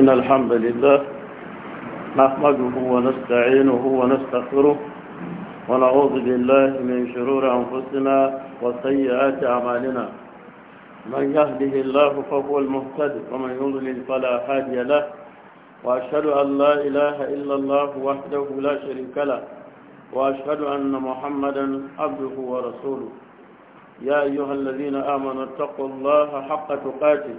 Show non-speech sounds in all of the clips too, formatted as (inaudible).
إن الحمد لله نحمده ونستعينه ونستغفره ونعوذ بالله من شرور أنفسنا وسيئات أعمالنا من يهده الله فهو المهتد ومن يضلل فلا هادي له وأشهد أن لا إله إلا الله وحده لا شريك له وأشهد أن محمدا عبده ورسوله يا أيها الذين آمنوا اتقوا الله حق تقاته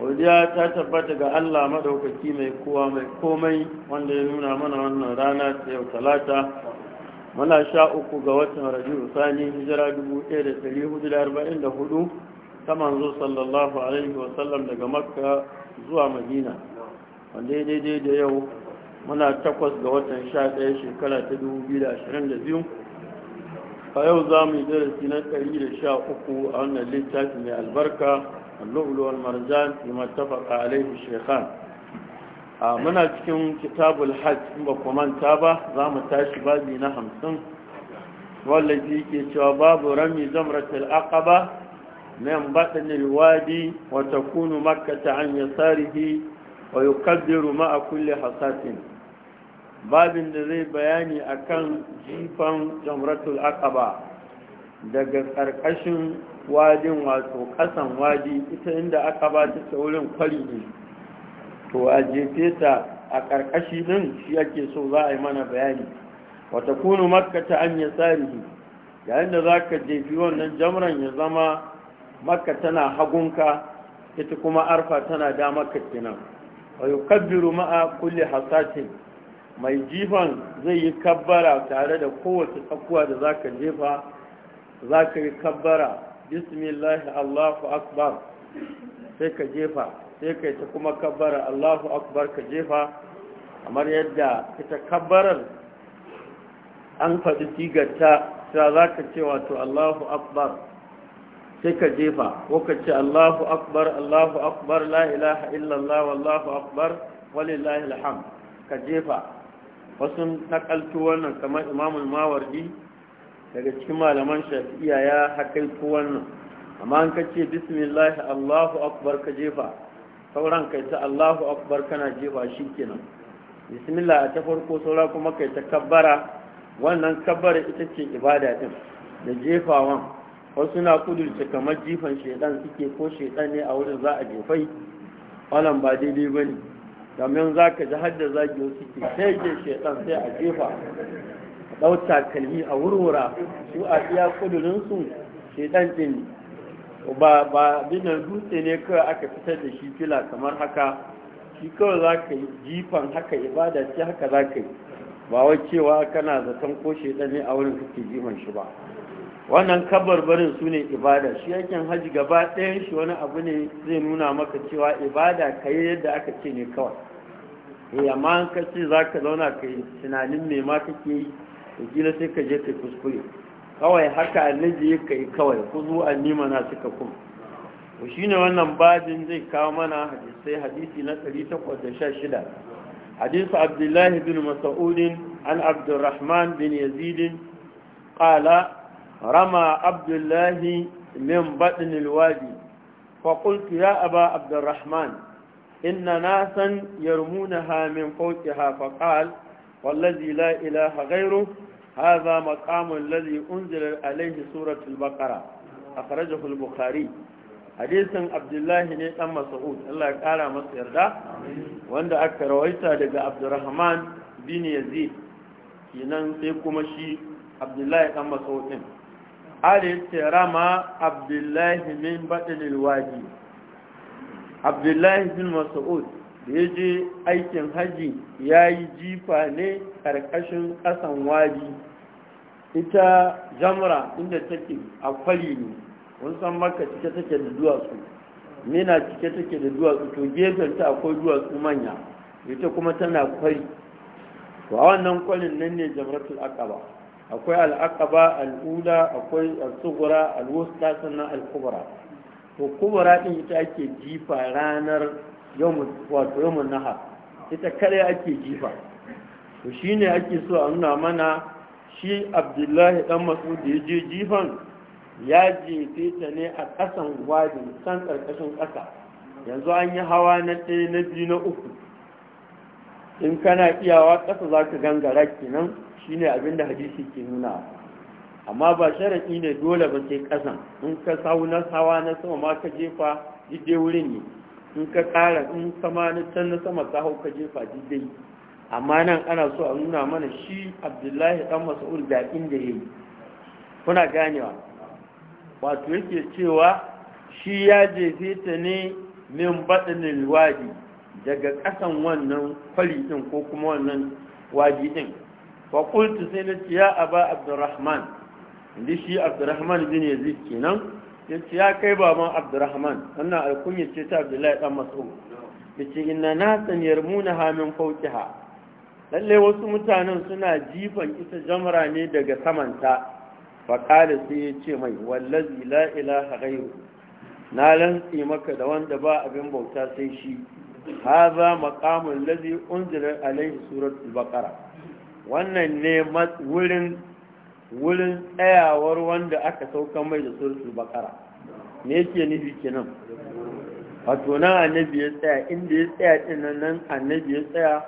godiya ta tabbata ga Allah madaukaki mai kowa mai komai wanda ya nuna mana wannan rana ta yau talata muna sha uku ga watan rabi'u sani hijira 1444 ta manzo sallallahu alaihi wasallam daga makka zuwa madina wanda ya daidai da yau muna takwas ga watan sha ɗaya shekara ta 2022 a yau za mu yi darasi na 113 a wannan littafi mai albarka اللؤلؤ والمرجان لما اتفق عليه الشيخان muna cikin kitabul hajj in ba kuma manta ba za mu tashi babi na hamsin wallafi ke cewa babu rami zamratul aqaba min wata wadi wa takunu makkata an yasarihi wa yukaddiru ma'a kulli hasatin babin da zai bayani akan jifan jamratul aqaba daga karkashin wadin wato kasan wadi ita inda aka ba ta saurin kwari ne to a jefe ta a ƙarƙashi din shi ake so za a yi mana bayani wata kunu makka ta an tsari yayin da za ka jefi wannan jamran ya zama makka tana hagunka ita kuma arfa tana damarka kenan wa yukabbiru ma'a kulli hasatin mai jifan zai yi kabbara tare da kowace tsakuwa da za ka jefa za ka yi kabbara bismillahi allahu akbar sai ka jefa sai ka ta kuma kabbara allahu akbar ka jefa kamar yadda ita kabbarar an faɗi sigarta sa za ka ce wato allahu akbar sai ka jefa ko ka ce allahu akbar allahu akbar la ilaha illallah wallahu akbar walillahi alhamd ka jefa wasu nakaltu wannan kamar imamul mawardi daga cikin malaman shafi'iya ya haka ko wannan amma an ka bismillah allahu akbar ka jefa sauran kai ta allahu akbar kana jefa shi kenan bismillah ta farko saura kuma kai ta kabbara wannan kabbara ita ce ibada din da jefawan wasu na kudurce kamar jifan shaidan suke ko shaidan ne a wurin za a jefai wannan ba daidai ba ne domin za ka ji har da zagi suke sai ke shaidan sai a jefa ɗau takalmi a wurwura su a iya kudurinsu shaidan ɗin ba ba binan dutse ne kawai aka fitar da shi fila kamar haka shi kawai za ka yi jifan haka ibada ce haka za ka yi ba wai cewa kana zaton ko shaidan ne a wurin kake jifan shi ba wannan kabarbarin su ne ibada shi yakin haji gaba ɗayan shi wani abu ne zai nuna maka cewa ibada ka yi yadda aka ce ne kawai eh amma an ka ce za ka zauna ka yi tunanin me ma kake yi wakila sai ka je ka kuskure kawai haka annabi ya kai kawai ku zuwa na suka kuma to shine wannan babin zai kawo mana hadisi hadisi na 816 hadisi abdullah bin mas'ud an abdurrahman bin yazid qala rama abdullah min batn alwadi فقلت يا أبا عبد الرحمن إن ناسا يرمونها من فوقها فقال والذي لا إله غيره هذا مقام الذي أنزل عليه سورة البقرة أخرجه البخاري حديث عبد الله بن مسعود الله قال مصير ده وعند ويسا لقى عبد الرحمن بن يزيد kenan sai kuma shi abdullahi dan masaudin عبد الله من min badil عبد الله بن مسعود da je aikin haji ya yi jifa ne ƙarƙashin ƙasan wari ita jamra inda take a kwali ne wani san maka cike take da duwatsu mina cike take da duwatsu to gefenta akwai duwatsu manya ita kuma tana kwari to a wannan kwalin nan ne jamratul akaba akwai al'akaba al'ula akwai al-sughra sannan al to kubura din ita ake jifa ranar wato yawon naha ita kare ake jifa to shi ne ake so a nuna mana shi abdullahi dan masud da ya je jifan ya jefe ta ne a ƙasan wadin san ƙarƙashin ƙasa yanzu an yi hawa na ɗaya na biyu na uku in kana iyawa ƙasa za ka gangara kenan shi ne abinda hadisi ke nuna amma ba sharaɗi ne dole ba sai ƙasan in ka sawu na sawa na sama ma ka jefa duk wurin ne in ka ƙara in sama na can na sama ta hau ka jefa dai amma nan ana so a nuna mana shi abdullahi ɗan mas'ud da inda ya yi kuna ganewa wato yake cewa shi ya jefe ta ne min baɗinin wadi daga ƙasan wannan kwali ɗin ko kuma wannan wadi ɗin wa sai na ce ya aba abdurrahman inda shi abdurrahman bin yazid kenan yace ya kai baban abdurrahman wannan alkunya ce ta abdullahi dan mas'ud yace inna nasan yarmunaha min fawqiha lalle wasu mutanen suna jifan ita jamra ne daga samanta fa qala sai yace mai wallazi la ilaha ghayru na lantsi maka da wanda ba abin bauta sai shi haza maqamul ladhi unzila alayhi suratul baqara wannan ne wurin wurin tsayawar wanda aka sauka mai da su bakara me yake nufi nan? wato nan annabi ya tsaya inda ya tsaya din nan annabi ya tsaya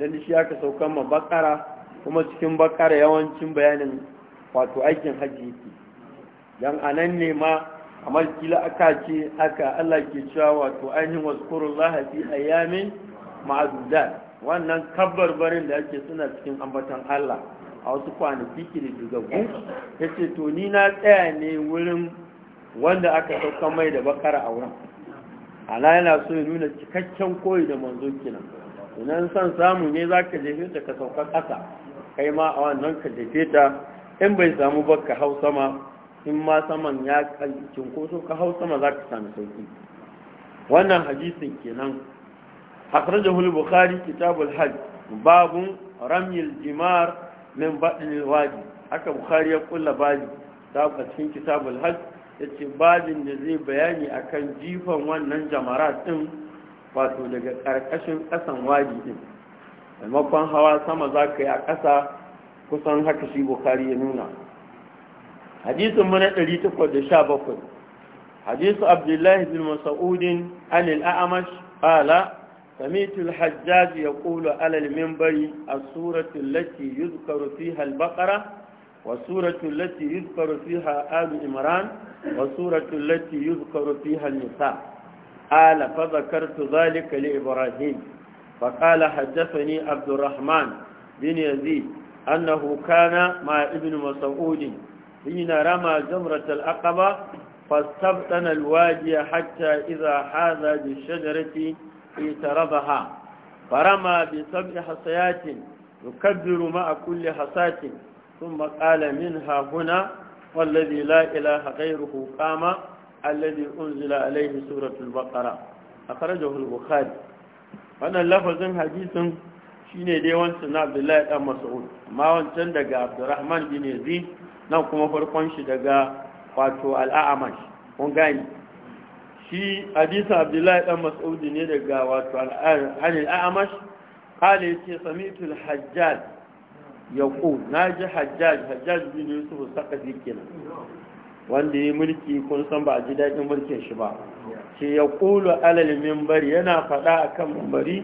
don shi aka sauka ma bakara kuma cikin bakara yawancin bayanin wato aikin hajji yake a nan ne ma a malkila aka ce aka Allah ke cewa wato ainihin wasu lahafi fi yamin ma'azudan? wannan kabbar barin da ake suna cikin ambatan Allah a wasu kwanaki kididdigaggu ya ce to ni na tsaya ne wurin wanda aka sauka mai da bakara a wurin ana yana so ya nuna cikakken koyi da manzo kina idan son samu ne za ka jefe ta ka sauka ƙasa kai ma a wannan ka jefe ta in bai samu ba ka hau sama in ma saman ya cinkoso ka hau sama za ka sami sauki wannan hadisin kenan akhrajahu al-bukhari kitab al-hajj babun ramyil jimar min baɗin wadi haka bukari ya kulla babi a cikin kitabul hajj ya ce babin da zai bayani akan jifan wannan jamara ɗin wato daga ƙarƙashin ƙasan wadi ɗin maimakon hawa sama za ka yi a ƙasa kusan haka shi bukari ya nuna hadisin mana 817 hadisu abdullahi bin mas'udin anil a'amash qala سمعت الحجاج يقول على المنبر السورة التي يذكر فيها البقرة والسورة التي يذكر فيها آل إمران والسورة التي يذكر فيها النساء قال فذكرت ذلك لإبراهيم فقال حدثني عبد الرحمن بن يزيد أنه كان مع ابن مسعود حين رمى جمرة الأقبة فاستبطن الوادي حتى إذا حاذ بالشجرة اعترضها فرمى بسبع حصيات يكبر مع كل حصات ثم قال منها هنا والذي لا إله غيره قام الذي أنزل عليه سورة البقرة أخرجه البخاري wannan lafazin hadisin shine dai wancan na Abdullahi dan Mas'ud amma wancan daga Abdurrahman bin Yazid nan kuma farkon shi daga wato al'amash amash shi hadisa abdullahi dan mas'udi ne daga wato al'anil a'amash qala yace samitul al-hajjaj yaqul naji hajjaj hajjaj bin yusuf sakafi kenan wanda ya mulki kun san ba a ji daɗin mulkin shi ba ce ya kulu alal yana faɗa akan kan mimbari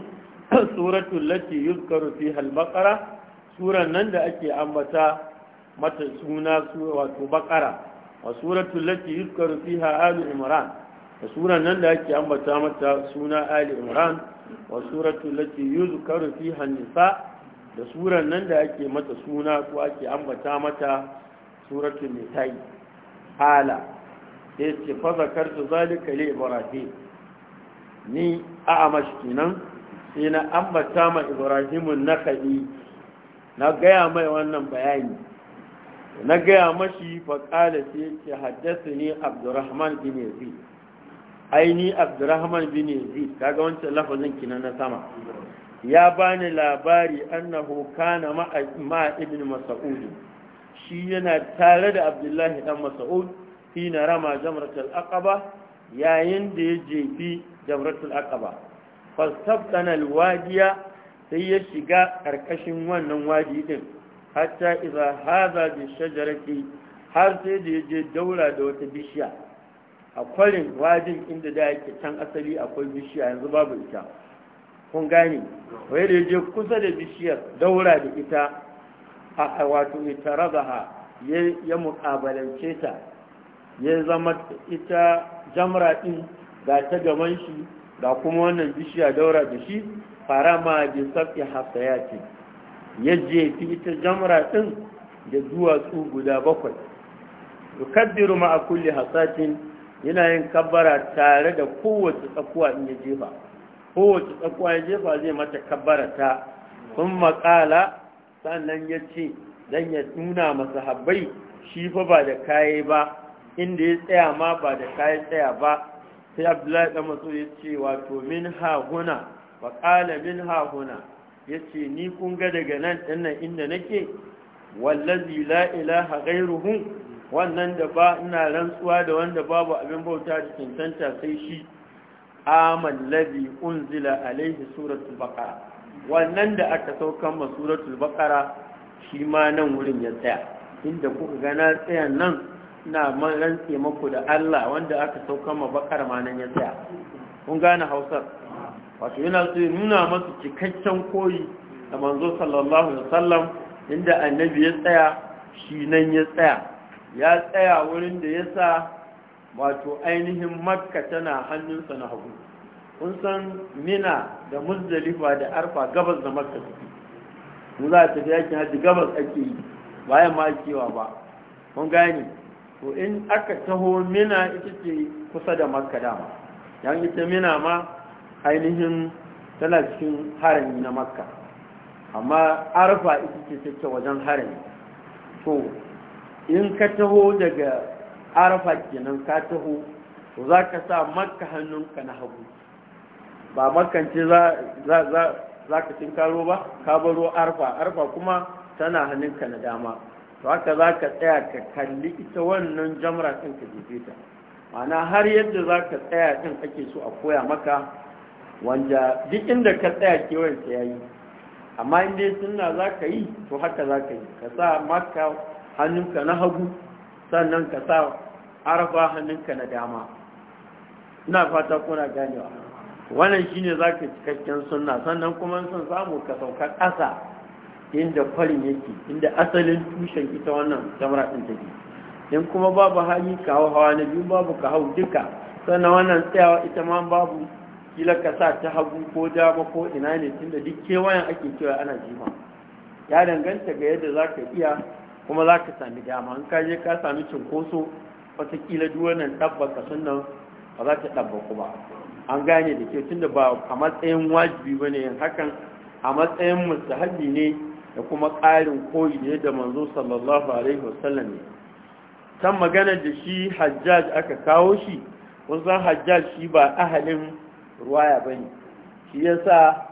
(clears throat) lati yuzkaru fi baqara suran nan da ake ambata mata suna wato baqara wa suratul lati yuzkaru fiha alu imran da suran nan da ake ambata mata suna ali imran wa suratu lati yuzkaru fiha nisa da suran nan da ake mata suna ko ake ambata mata suratu nisa'i hala sai ce fa zakartu zalika li ibrahim ni a amashi kenan sai na ambata ma ibrahimun nakadi na gaya mai wannan bayani na gaya mashi faƙala sai ce haddasa abdurrahman bin yazid aini abdurrahman bin yazid kaga wancan lafazin kina na sama ya bani labari annahu kana ma ibn mas'ud shi yana tare da abdullahi dan mas'ud hina rama jamratul aqaba yayin da ya jefi jamratul aqaba fastabtana alwadiya sai ya shiga karkashin wannan wadi din hatta idza hadha bi shajarati har sai da ya je daura da wata bishiya a kwarin wajin inda da yake can asali akwai bishiya yanzu babu ita kun gane wai da je kusa da bishiyar daura da ita a wato ita rabaha ya mukabalance ta ya zama ita jamra din ga ta gaban shi ga kuma wannan bishiya daura da shi fara ma bi safi hasayati ya jefi ita jamra din da duwatsu guda bakwai yukaddiru ma a kulli hasatin yana yin kabbara tare da kowace tsakuwa in ya jefa kowace tsakuwa ya jefa zai mata kabbara ta sun makala sannan ya ce don ya nuna masu habai shi fa ba da kayi ba inda ya tsaya ma ba da kayi tsaya ba sai abdullahi da matso ya ce wato min haguna makala min hahuna ya ce ni kunga daga nan ɗannan inda nake wallazi la ilaha gairuhun wannan da ba ina rantsuwa da wanda babu abin bauta da cancanta sai shi aman labi unzila alaihi suratul baqara wannan da aka saukan ma suratul baqara shi ma nan wurin ya tsaya inda kuka ga na tsaya nan ina man rantse muku da Allah wanda aka saukan ma baqara ma nan ya tsaya kun gane Hausar wato yana so nuna masu cikakken koyi da manzo sallallahu alaihi wasallam inda annabi ya tsaya shi nan ya tsaya ya tsaya wurin da ya sa wato ainihin makka tana hannunsa na hagu kun san mina da muzdalifa da arfa gabas da makka suke mu za a tafi yakin hajji gabas ake yi bayan ma kewa ba kun gane to in aka taho mina ita ce kusa da makka dama yan ita mina ma ainihin tana cikin harami na makka amma arfa ita ce take wajen harami to in ka taho daga arafa kenan ka taho za ka sa makka hannunka na hagu ba makance za ka karo ba ka baro arfa arfa kuma tana hannunka na dama to haka za ka tsaya ka kalli ita wannan jamra ɗin ka jefe ta mana har yadda za ka tsaya ɗin ake so a koya maka wanda duk inda ka tsaya kewayen ta yayi amma in dai sunna za ka yi to haka za ka yi ka sa maka hannunka na hagu sannan ka sa arafa hannunka na dama ina fata kuna ganewa wannan shine zaka cikakken sunna sannan kuma sun samu ka sauka ƙasa inda kwarin yake inda asalin tushen ita wannan jamra din take in kuma babu hali kawo hawa na biyu babu ka hau duka sannan wannan tsayawa ita ma babu kila ka sa ta hagu ko dama ko ina ne tunda duk kewayen ake cewa ana jima ya danganta ga yadda zaka iya kuma za ka sami dama in ka je ka sami cunkoso watakila duk wannan ɗabbaka sunan ba za ta ɗabbaku ba an gane da ke tunda ba a matsayin wajibi ba ne hakan a matsayin mustahabi ne da kuma ƙarin koyi ne da manzo sallallahu alaihi wasallam ne magana da shi hajjaj aka kawo shi san hajjaj shi ba ahalin ruwaya ba ne shi yasa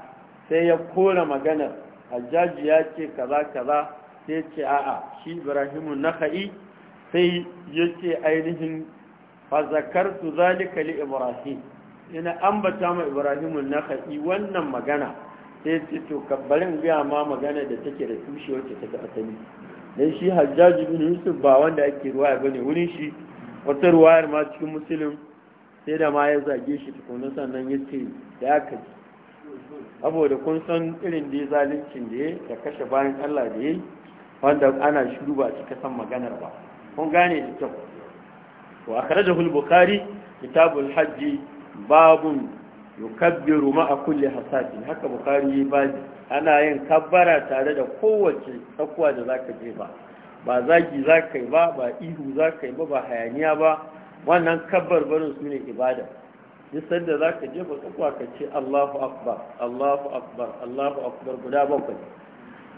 sai ya kora magana hajjaj ya ce kaza kaza sai ce a'a shi ibrahimu naka'i sai yace ainihin fa zakartu zalika li ibrahim ina ambata ma ibrahimu naka'i wannan magana sai ce to kabbarin biya ma magana da take da tushe wacce take asali dan shi hajjaj bin yusuf ba wanda ake ruwaya bane wurin shi wata ruwayar ma cikin musulun sai da ma ya zage shi tukunan sannan ya ce da aka saboda kun san irin da ya zalincin da ya kashe bayan allah da ya yi wanda ana shiru ba cika san maganar ba kun gane da kyau wa akhrajahu al-bukhari kitabul hajj babun yukabbiru ma'a kulli hasati haka bukhari ba ana yin kabbara tare da kowace tsakuwa da zaka je ba ba zagi zaka yi ba ba ihu zaka yi ba ba hayaniya ba wannan kabbar barin su ne ibada duk sanda zaka je ba tsakuwa ka ce Allahu akbar Allahu akbar Allahu akbar guda bakwai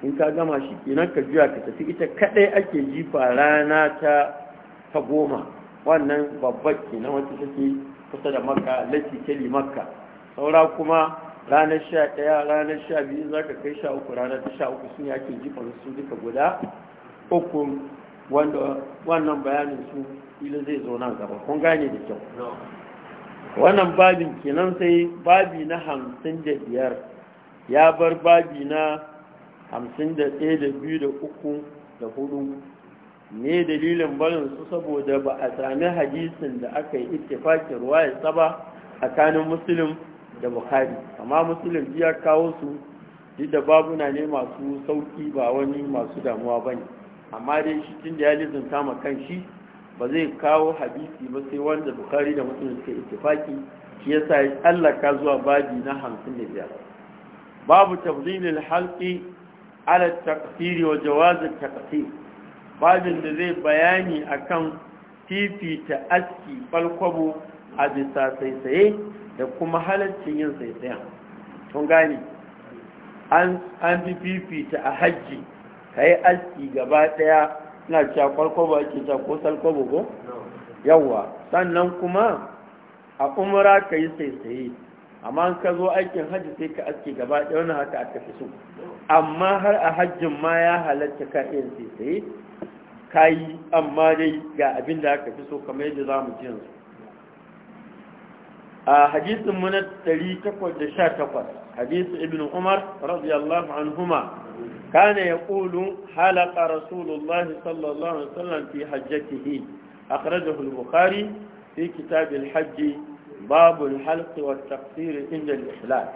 in ka gama shi kenan ka juya ka tafi ita kadai ake jifa rana ta ta goma wannan babbar kenan wata take kusa da makka lati kali makka saura kuma ranar sha ɗaya ranar sha biyu za ka kai sha uku ranar ta sha uku sun ake jifa su duka guda uku wanda wannan bayanin su ila zai zo nan gaba kun gane da kyau wannan babin kenan sai babi na hamsin da biyar ya bar babi na hamsin da ɗaya da biyu da uku da hudu ne dalilin barin su saboda ba a sami hadisin da aka yi ya saba a tsakanin musulun da bukari amma musulun ya kawo su duk da babuna ne masu sauki ba wani masu damuwa ba ne amma dai shi tun da ya lizinta ma kan shi ba zai kawo hadisi ba sai wanda bukari da musulun suka ittifaki shi yasa ya tsallaka zuwa babi na hamsin da biyar babu tafzilil halki ala taqsiri wa jawaz taqsir babin da zai bayani akan fifita aski falkwabo a bisa saisaye da kuma halaccin yin saisayen tun gane an fi fifita a hajji ka yi aski gaba daya na cewa kwalkwabo ake ta ko salkwabo ko yawa sannan kuma a umara ka yi saisaye amma ka zo aikin hajji sai ka aski gaba daya wani haka aka fi so amma har a hajjin ma ya halatta ka iya sai ka yi amma dai ga abin da aka fi so kamar yadda za mu ji yanzu a hadisin mu na 818 hadisin ibn umar radiyallahu anhuma kana yaqulu halaqa rasulullah sallallahu alaihi wasallam fi hajjatihi akhrajahu al-bukhari fi kitab al-hajj باب الحلق inda عند الإحلال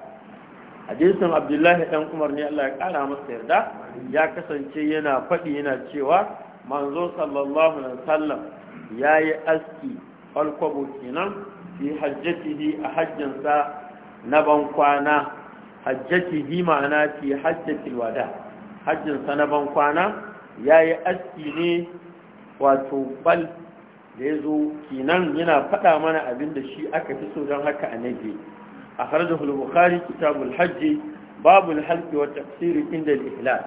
hadisin abdullahi dan umar ne Allah ya kara masa yarda ya kasance yana faɗi yana cewa manzo sallallahu alaihi wasallam yayi aski alkwabo kenan fi hajjatihi a hajjinsa na bankwana hajjatihi ma'ana fi hajjatil wada hajjinsa na bankwana yayi aski ne wato bal da ya zo kenan yana faɗa mana abin da shi aka fi so don haka a nage أخرجه البخاري كتاب الحج باب الحلق والتقصير عند الإحلال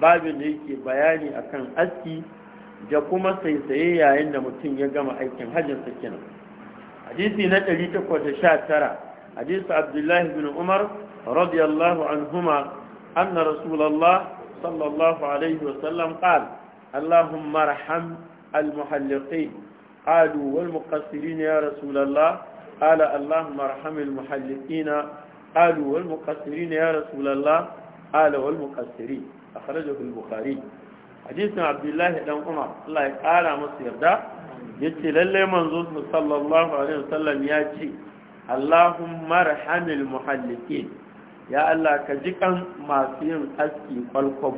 باب ليك بياني أكن أسكي da kuma saisaye yayin da mutum ya gama aikin hajjin sakina hadisi na tara hadisi abdullahi bin umar radiyallahu anhuma anna rasulullah sallallahu alaihi wasallam qala allahumma arham almuhalliqin qalu wal muqassirin ya rasulullah قال اللهم ارحم المحلقين قالوا والمقصرين يا رسول الله قال والمقصرين أخرجه البخاري حديث عبد الله بن عمر الله قال مصير ده yace lalle manzo sallallahu alaihi wasallam ya ce Allahumma rahamil muhallikin ya Allah ka ji kan masu yin aski kwalkwam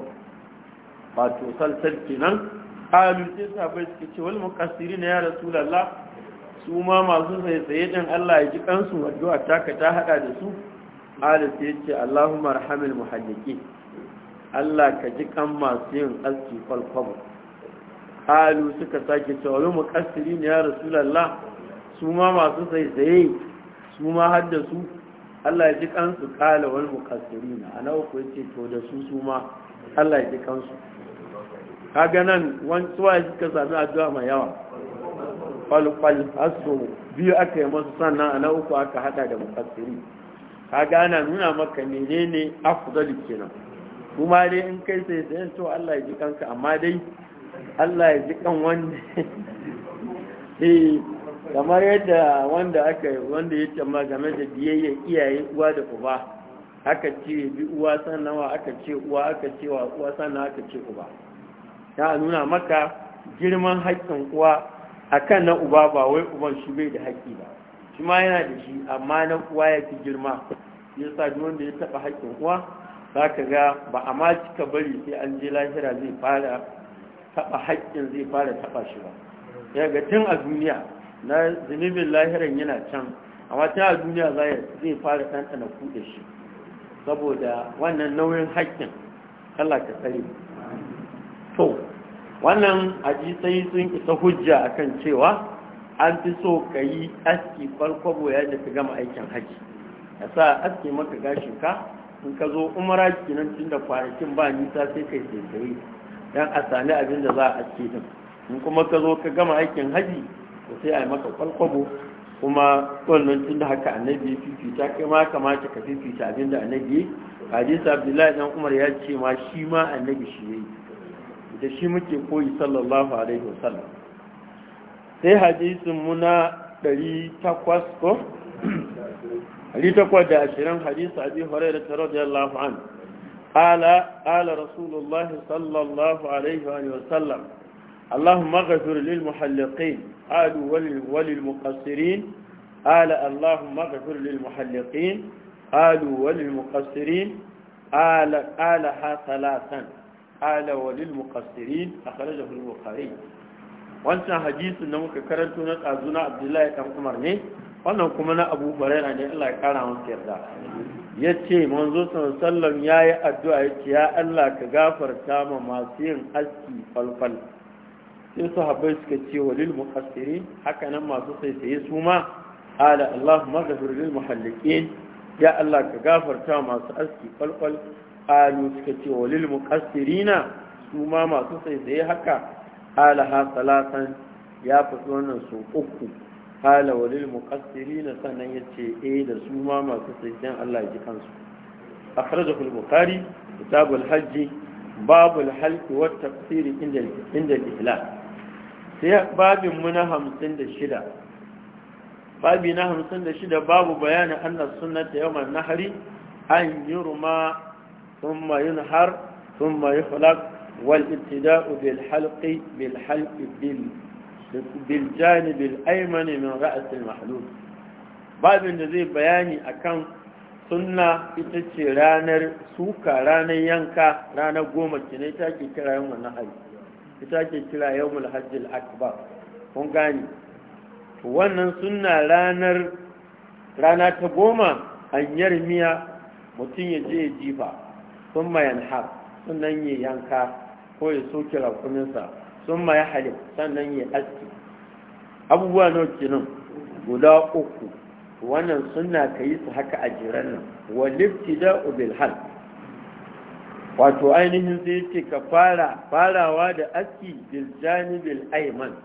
wato salsal kenan qalu sai sahabbai suka ce ya rasulullah su ma masu tsaye din Allah ya ji kansu addu'a ka ta hada da su ala sai ya ce Allahumma arhamil muhajjiqin Allah ka ji kan masu yin aski kwalkwabo alu suka sake cewa mu mukassiri ne ya rasulallah su ma masu tsaye su ma har da su Allah ya ji kansu kala wal muqassirina ana uku yace to da su su ma Allah ya ji kansu kaga nan wani suwaye suka sami addu'a mai yawa kwalkwal hasu biyu aka yi masu sannan a na uku aka hada da mufassiri ka gana nuna maka menene afdalu kenan kuma dai in kai sai sai to Allah ya ji kanka amma dai Allah ya ji kan wanda (laughs) eh kamar yadda wanda aka wanda ya ce game da biyayya iyaye uwa da uba aka ce bi uwa sannan wa aka ce uwa aka ce wa uwa sannan aka ce uba ya nuna maka girman haƙƙin uwa akan na uba ba wai uban shi bai da haƙƙi ba shi ma yana da shi amma na uwa ya fi girma ya sa wanda ya taɓa haƙƙin uwa za ka ga ba a ma cika bari sai an je lahira zai fara taɓa haƙƙin zai fara taɓa shi ba ya ga tun a duniya na zunubin lahiran yana can amma tun a duniya zai fara ɗanɗana kuɗe shi saboda wannan nauyin haƙƙin Allah ka tsare wannan hadisai sun isa hujja akan cewa an fi so ka yi aski farko boye da ka gama aikin haji Ya sa aski maka gashin ka in ka zo umara kinan tun da kwanakin ba nisa sai kai sai dan a sami abin da za a aski din in kuma ka zo ka gama aikin haji to sai a yi maka kwalkwabo kuma wannan tun da haka annabi ya fifita kai ma kamata ka fifita abin da annabi hadisi abdullahi dan umar ya ce ma shi ma annabi shi yayi da shi muke koyi sallallahu alaihi wasallam sai hadisin muna 800 ko 820 hadisi abi hurairah radiyallahu an ala ala rasulullah sallallahu alaihi wa sallam اللهم اغفر للمحلقين آل وللمقصرين آل اللهم اغفر للمحلقين آل وللمقصرين آل آلها ثلاثا ta'ala wa lil muqassirin akhrajahu al-bukhari wannan hadisin da muka karanto na tsazuna abdullahi dan umar ne wannan kuma na abu hurairah ne Allah ya kara masa yarda yace manzo sallallahu alaihi yayi addu'a yace ya Allah ka gafarta ma masu yin aski falfal sai sahabbai suka ce wa lil muqassirin haka nan masu sai sai su ma ala Allahumma ghafir lil muhalliqin ya Allah ka gafarta masu aski falfal alu suka ce walil muqassirina su ma masu tsaitsaye haka ala ha salatan ya faɗi wannan su uku ala walil muqassirina sannan ya ce eh da su ma masu tsaitsayen Allah ya ji kansu A al-bukhari kitab al-hajj bab al-halq wa at inda inda al sai babin mu na 56 babi na 56 babu bayanin annas sunnata yawm an-nahri an yurma ثم ينحر ثم يخلق والابتداء بالحلق بالحلق بال بالجانب الايمن من راس المحلول بعد الذي بياني أكم sunna ita ce ranar suka ranar yanka ranar goma kenan ita ke kira yawon nahari ita ke kira yawon hajjil kun gani wannan sunna ranar rana ta goma hanyar miya mutum ya je jifa sun mayan har sannan ya yanka ko ya soke rakuminsa sun maya sun sannan ya aski abubuwa nawa kenan guda uku wannan suna ka yi su haka a jiran nan wa da ubil hal wato ainihin sai ce ka fara farawa da aski bil janibil wanza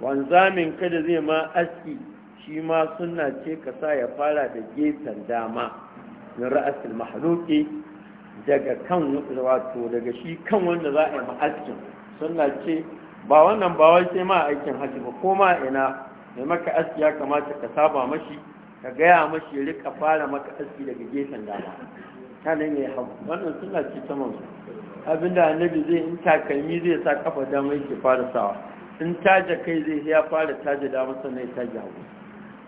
wanzamin kada zai ma aski shi ma suna ce ka sa ya fara da gefen dama min ra'asul mahluki daga kan wato daga shi kan wanda za a yi ma'askin suna ce ba wannan ba wai sai ma aikin hajji ba ko ma ina mai maka aski ya kamata ka saba mashi ka gaya mashi ya rika fara maka aski daga gefen dama nan ya hau wannan suna ce ta mamsu abinda annabi zai in takalmi zai sa kafa dama yake fara sawa in taja kai zai ya fara taja dama sannan ya taja hagu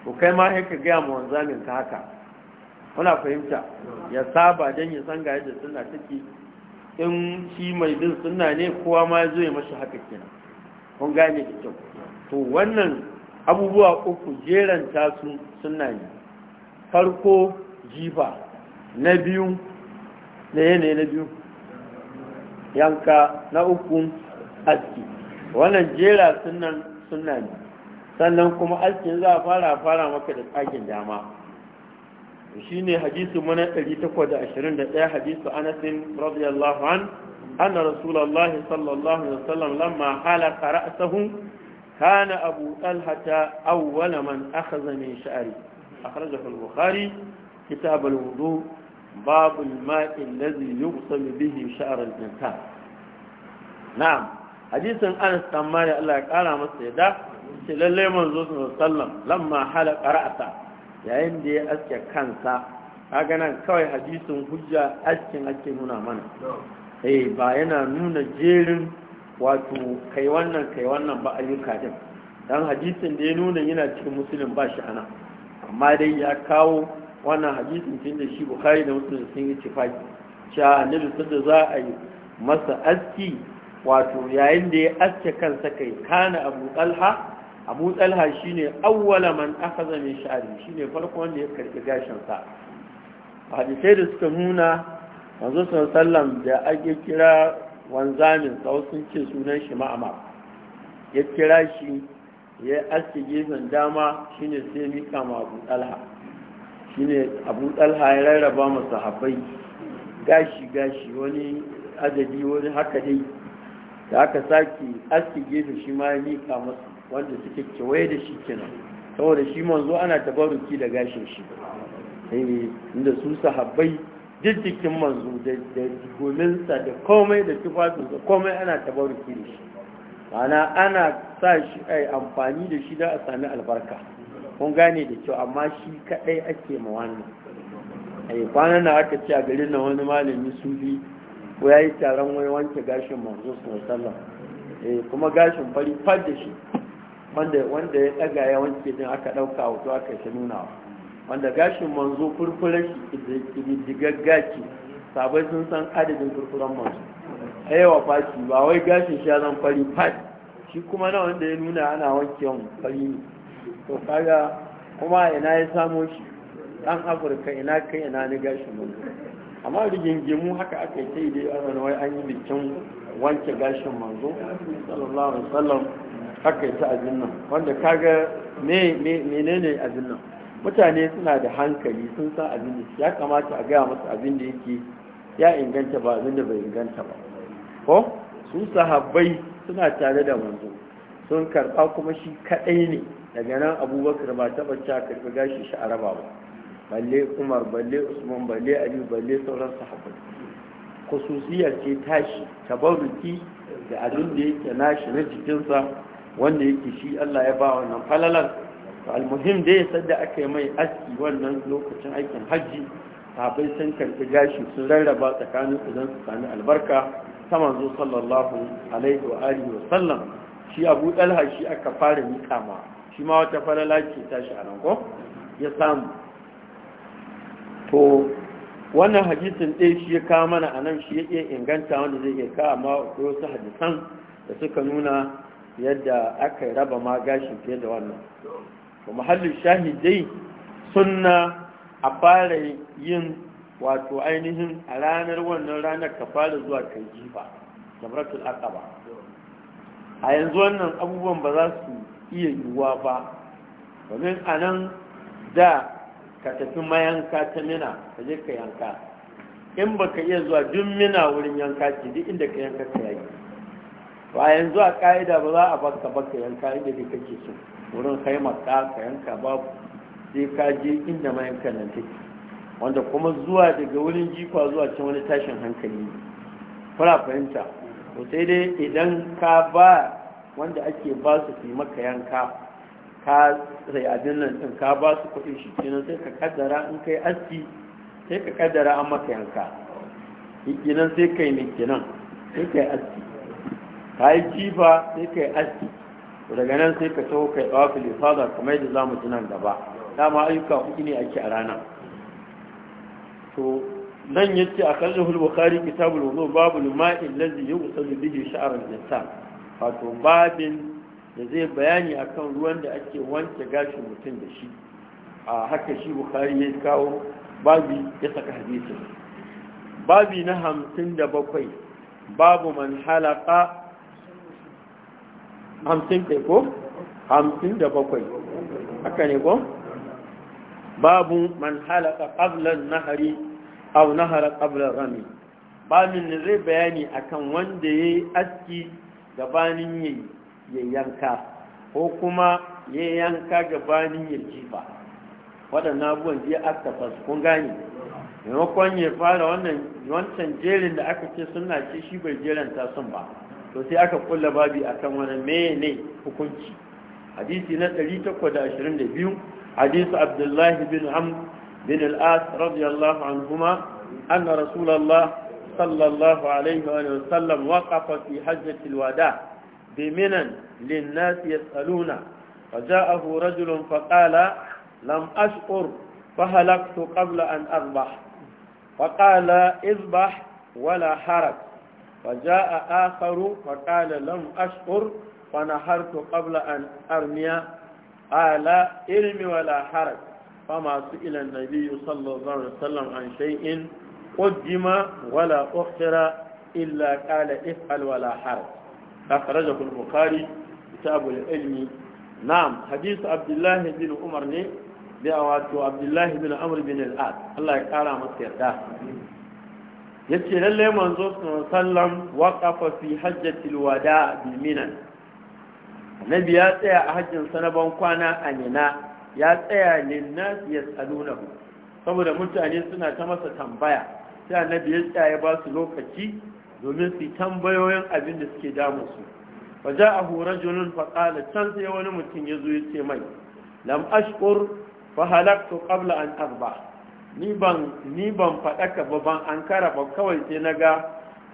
ko kai ma sai gaya ma wanzamin ka haka kuna fahimta ya saba don ya san yadda suna take in shi mai bin suna ne kowa ma zo ya mashi haka kenan kun gane da kyau to wannan abubuwa uku jeran su suna ne farko jifa na biyu na yanayi na biyu yanka na uku aski wannan jera sunan suna ne sannan kuma askin za a fara fara maka da tsakin dama shi ne hadisu mana 821 hadisu anasin radiyallahu an anna rasulallah sallallahu alaihi wasallam lamma halaka ra'sahu kana abu talhata awwala man akhadha min sha'ri akhrajahu al-bukhari kitab al-wudu باب الماء الذي يغسل به شعر الإنسان نعم حديث أنس كما الله قال مستيدا لله منزوس صلى الله عليه وسلم لما حلق yayin da ya aske kansa kaga nan kawai hadisin hujja askin ake nuna mana eh ba yana nuna jerin wato kai wannan kai wannan ba ayyuka din dan hadisin da ya nuna yana cikin musulun ba shi ana amma dai ya kawo wannan hadisin tun da shi bukhari da muslim sun yi tifaki cewa annabi da za a yi masa aski wato yayin da ya aske kansa kai kana abu talha abu talha shine awwala man akhadha min sha'ri shine farko wanda ya karbi gashin sa hadisai da suka nuna manzo sallam da ake kira wanzamin sau sun ce sunan shi ma'amar ya kira shi ya aske gefen dama shine sai mika ma abu talha shine abu talha ya rarraba masa habai gashi gashi wani adadi wani haka dai da aka sake aske gefe shi ma ya mika masa wanda suke kewaye da shi kenan saboda shi manzo ana tabaruki da gashin shi inda su sahabbai dukkan manzo da sa da komai da sa, komai ana tabaruki da shi ana ana sa shi a amfani da shi da a sami albarka kun gane da kyau amma shi kaɗai ake ma wannan a kwanan na aka ce a garin na wani malami sufi ko ya yi taron wani wanke gashin manzo sallallahu eh, kuma gashin fari fad da shi wanda wanda ya daga ya wanke din aka dauka hoto aka shi nuna wanda gashin manzo furfurar shi digaggaki sabai sun san adadin furfuran manzo ayawa fashi ba wai gashin shi zan fari fat shi kuma na wanda ya nuna ana wanke yawan fari ne to kaga kuma ina ya samo shi dan afirka ina kai ina ni gashin manzo amma rigingimu haka aka yi ta yi dai ana wai an yi bikin wanke gashin manzo sallallahu alaihi wasallam haka yi ta abin nan wanda kaga menene abin nan mutane suna da hankali sun san abin da ya kamata a gaya masu abin da yake ya inganta ba abin da bai inganta ba ko su sahabbai suna tare da manzo sun karba kuma shi kaɗai ne daga nan abubakar ba taɓa a karɓi gashi shi a raba ba balle umar balle usman balle aliyu balle sauran sahabbai kususiyar ce tashi tabaruki da abin da yake nashi na jikinsa wanda yake shi Allah ya ba wannan falalar almuhim da dai sadda aka yi mai aski wannan lokacin aikin hajji sahabai sun karɓi gashi sun rarraba tsakanin idan su sami albarka ta manzo sallallahu alaihi wa alihi wa sallam shi abu dalha shi aka fara mika ma shi ma wata falala ce tashi a nan ko ya samu to wannan hadisin ɗaya shi ya kawo mana a nan shi ya iya inganta wanda zai iya kawo amma wasu hadisan da suka nuna yadda aka raba ma gashi fiye da wannan to muhallin shahidai sunna a fara yin wato ainihin a ranar wannan ranar ka fara zuwa kai jifa jamratul aqaba a yanzu wannan abubuwan ba za su iya yiwuwa ba domin a nan da ka tafi mayanka ta mina ka je ka yanka in baka iya zuwa duk mina wurin yanka ce duk inda ka yanka ka yaki ba yanzu a ka'ida ba za a baka baka yanka inda ne kake so wurin kai maka ka yanka babu sai ka je inda yanka nan take wanda kuma zuwa daga wurin jifa zuwa cin wani tashin hankali kuna fahimta to sai dai idan ka ba wanda ake ba su fi maka yanka ka sai abin nan din ka ba su kuɗin shi kenan sai ka kaddara in kai aski sai ka kaddara an maka yanka kinan sai kai ne kinan sai kai aski ka yi jifa sai ka yi aski daga nan sai ka taho kai ɗawafi lifada kamar da za mu ji nan gaba dama ayyuka kuɗi ne ake a rana to nan yace a kan bukhari kitabul wudu babu luma'in ladzi yughsalu bihi sha'ar al-insan wato babin da zai bayani akan ruwan da ake wanke gashin mutum da shi a haka shi bukhari ya kawo babi ya saka hadisin babi na hamsin da bakwai babu man halaka hamsin ɗai ko hamsin da bakwai haka ne ko babu man halaka ƙablan nahari au nahara ƙablan rami babin ne zai bayani akan wanda ya yi aski gabanin ya yanka ko kuma ya yanka gabanin ya jifa waɗannan abubuwan ya aka fasu kun gane maimakon ya fara wancan jerin da aka ce suna ce shi bai jeranta sun ba to sai aka kulla babi akan wani mene hukunci hadisi na 822 hadisi abdullahi bin amr bin al-as radiyallahu anhuma anna rasulullah sallallahu alaihi wa sallam waqafa fi hajjati al-wada bi minan lin-nas yas'aluna فجاءه رجل فقال fa أشعر فهلكت قبل أن أذبح فقال اذبح wala harak. فجاء آخر فقال لم أشعر فنهرت قبل أن أرمي على علم ولا حرج فما سئل النبي صلى الله عليه وسلم عن شيء قدم ولا أخر إلا قال افعل ولا حرج أخرجه البخاري كتاب العلم نعم حديث عبد الله بن عمر ne da wato Abdullahi bin Amr bin Al-As Allah ya kara masa yarda yace lalle manzo sallam waqafa fi hajjatil wada bi minan nabi ya tsaya a hajjin sa na ban kwana a mina ya tsaya linnas yasalunahu saboda mutane suna ta masa tambaya sai annabi ya tsaya ba su lokaci domin su tambayoyin abin da suke damu su waja a horar junin faƙala can sai wani mutum ya zo ya ce mai lam ashkur fa halaktu qabla an arba ni ban ni ban faɗaka ba ban an kara ba kawai sai na ga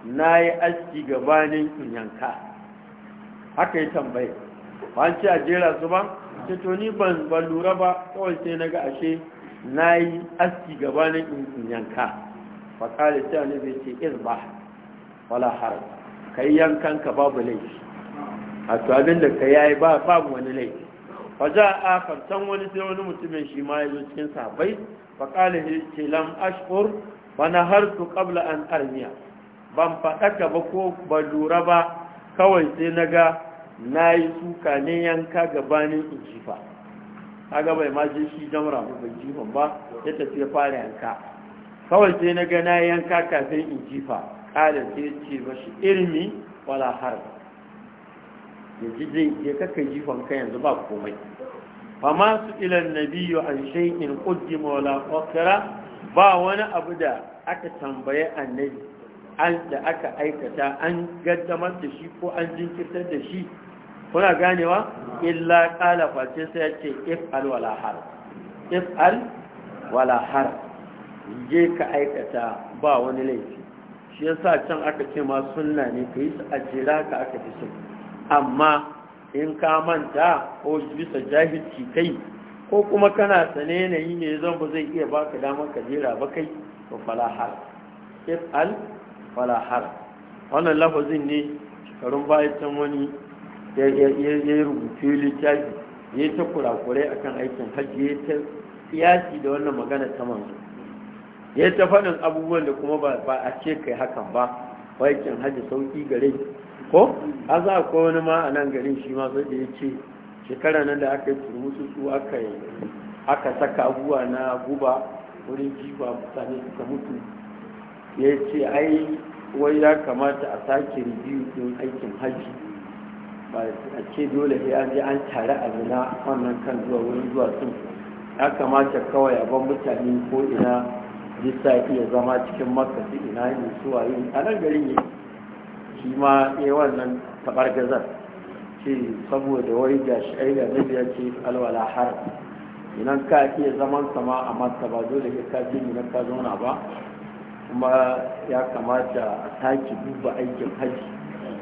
na yi aski gabanin in yanka haka yi tambaye ba an ce a jera su ba ce to ni ban ban lura ba kawai sai na ga ashe na yi aski gabanin in yanka fa kare ta ne bai ce ba wala har kai yankan ka babu laifi a to abin da ka yayi ba babu wani laifi fa ja can wani sai wani mutumin shi ma ya zo cikin sahabbai fa qala hi lam ashkur wa nahartu qabla an armiya ban faɗaka ba ko ba lura ba kawai sai naga nayi suka ne yanka gabanin in jifa kaga bai ma je shi jamra ba bai jifa ba ya tafi ya fara yanka kawai sai naga nayi yanka kafin in jifa qala sai ce mashi irmi wala harba Yanzu zai kaka kai yanzu ba komai fama su ilan nabiyu an shaikin kudi wala fakara ba wani abu da aka tambaye annabi an da aka aikata an gaddamar da shi ko an jinkirtar da shi kuna ganewa illa kala face sai ya ce if'al wala har if'al wala har je ka aikata ba wani laifi shi yasa can aka ce ma sunna ne kai su jira ka aka fi sunna amma in ka manta ko bisa jahilci kai ko kuma kana sane yanayi ne zan ba zai iya baka damar ka jira ba kai to falahar al falahar wannan lafazin ne shekarun bayan can wani ya rubuce littafi ya yi ta a kan aikin hajji ya ta siyasi da wannan magana ta manzo ya ta faɗin abubuwan da kuma ba a ce kai hakan ba aikin hajji sauki gare ko a za ko wani ma a nan garin shi ma da ya ce shekara nan da aka yi turmutu su aka yi aka saka abubuwa na guba wurin jifa mutane suka mutu ya ce ai wai ya kamata a sake review don aikin hajji ba a ce dole sai an an tare a zina wannan kan zuwa wurin zuwa sun ya kamata kawai a ban mutane ko ina bisa iya zama cikin makasi ina yin yi a nan garin ne. shi ma ya wannan tabargazar ce saboda wai ga shi ai da nabi ce alwala har idan ka iya zaman sama a masa ba dole ya ka ji ka zauna ba kuma ya kamata a sake duba aikin hajji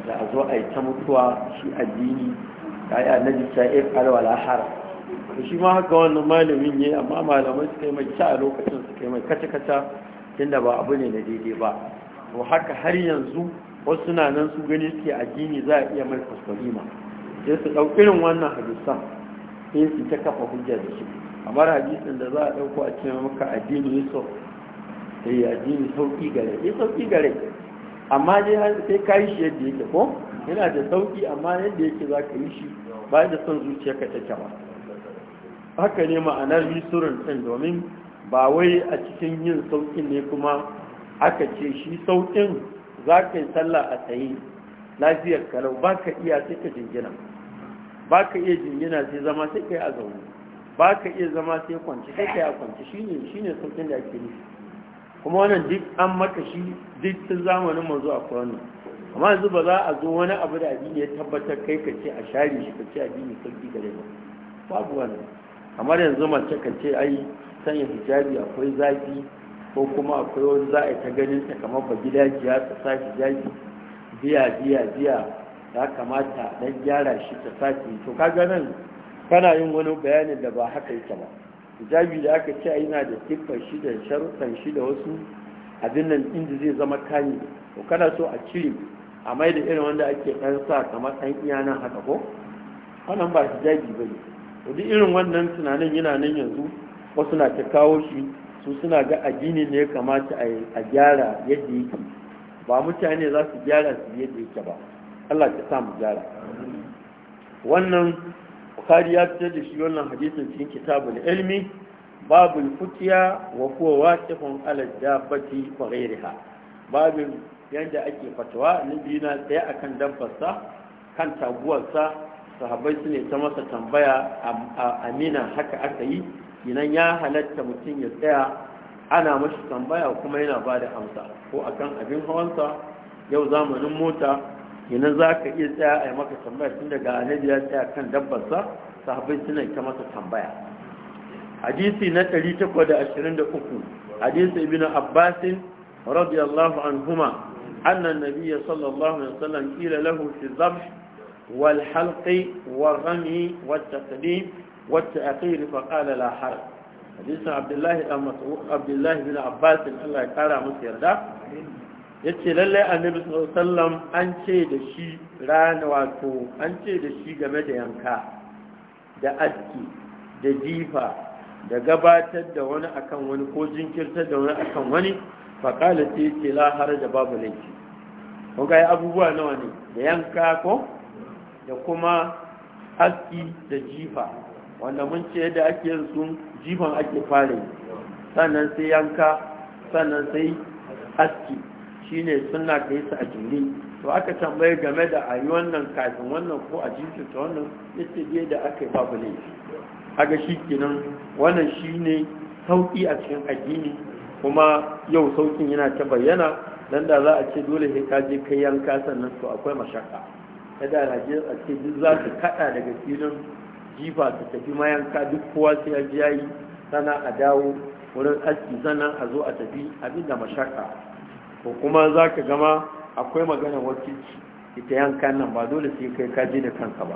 da a zo a yi ta mutuwa shi addini ka yi annabi ta iya alwala har shi ma haka wannan malamin ya amma malamai suka yi mai ca a lokacin suka yi mai kata-kata tunda ba abu ne na daidai ba to haka har yanzu wasu na nan su gani suke addini za a iya mai kuskurima sai su ɗau irin wannan hadisan sai su ta kafa hujja da shi amma hadisin da za a ɗauko a cikin maka addini ya so sai addini sauƙi gare ya sauƙi gare amma dai sai ka yi shi yadda yake ko yana da sauƙi amma yadda yake za ka yi shi ba da son zuciya ka take ba haka ne ma'anar misurin ɗin domin ba wai a cikin yin sauƙin ne kuma aka ce shi sauƙin za ka yi sallah a tsaye lafiyar kalau ba ka iya sai ka jingina ba ka iya jingina sai zama sai ka yi a zaune ba ka iya zama sai kwanci sai ka yi a kwanci shi ne saukin da ake nufi kuma wannan duk an maka shi duk tun zamanin mazu a kuranu amma yanzu ba za a zo wani abu da addini ya tabbatar kai ka ce a share shi ka ce addini sauki gare ba babu wannan kamar yanzu mace ka ce ai sanya hijabi akwai zafi ko kuma akwai wani za a yi ta ganin ta kamar ba gida jiya ta sake jaji biya biya biya ya kamata dan gyara shi ta sake to kaga nan kana yin wani bayanin da ba haka yake ba hijabi da aka ce yana da tiffar shi da sharuɗan shi da wasu abin nan inda zai zama kani to kana so a cire a mai da irin wanda ake ɗan sa kamar ɗan iya nan haka ko wannan ba hijabi ba ne duk irin wannan tunanin yana nan yanzu wasu na ta kawo shi su suna ga addini ne ya kamata a gyara yadda yake ba mutane za su gyara su yadda yake ba Allah ta samu gyara wannan bukhari ya fitar da shi wannan hadisin cikin kitabul ilmi babu futiya wa huwa waqifun ala bati wa ghayriha babin yanda ake fatawa nabi dina tsaye akan dabbarsa kan taguwarsa sahabbai su ne ta masa tambaya amina haka aka yi Inan ya halatta mutum ya tsaya ana mashi tambaya kuma yana ba da amsa ko akan abin hawansa yau zamanin mota kinan za ka iya tsaya a yi maka tambaya tun daga annabi ya tsaya kan dabbarsa sahabai suna ita masa tambaya hadisi na 823 hadisi ibn abbas radiyallahu anhuma anna nabiyya sallallahu alaihi wasallam qila lahu fi dhabh wal halqi wa rami wat taqdim والتأخير فقال لا حرج حديث عبد abdullahi بن عبد الله Allah ya الله musu yarda. Ya ce lalle annabi sallallahu alaihi an ce da shi rana wato an ce da shi game da yanka da aski da jifa da gabatar da wani akan wani ko jinkirtar da wani akan wani faƙala sai ce lahar da babu laifi kun ga abubuwa nawa ne da yanka ko da kuma aski da jifa wanda mun ce da ake yanzu sun jifan ake fara yi? sannan sai yanka sannan sai aski shine suna ka yi su a jini to aka tambaye game da a yi wannan kafin wannan ko a ta wannan ya ce da aka yi babu ne? aga shi kenan wannan shine sauki a cikin addini kuma yau saukin yana ta bayyana dan da za a ce dole sai ka je kai yanka sannan to akwai mashaka kada a ce duk za su kada daga filin jifa su tafi mayanka duk kowa sai ya biya yi sana a dawo wurin aski sannan a zo a tafi abin da mashaka ko kuma za ka gama akwai magana wakilci ita yanka nan ba dole sai kai ka ji da kanka ba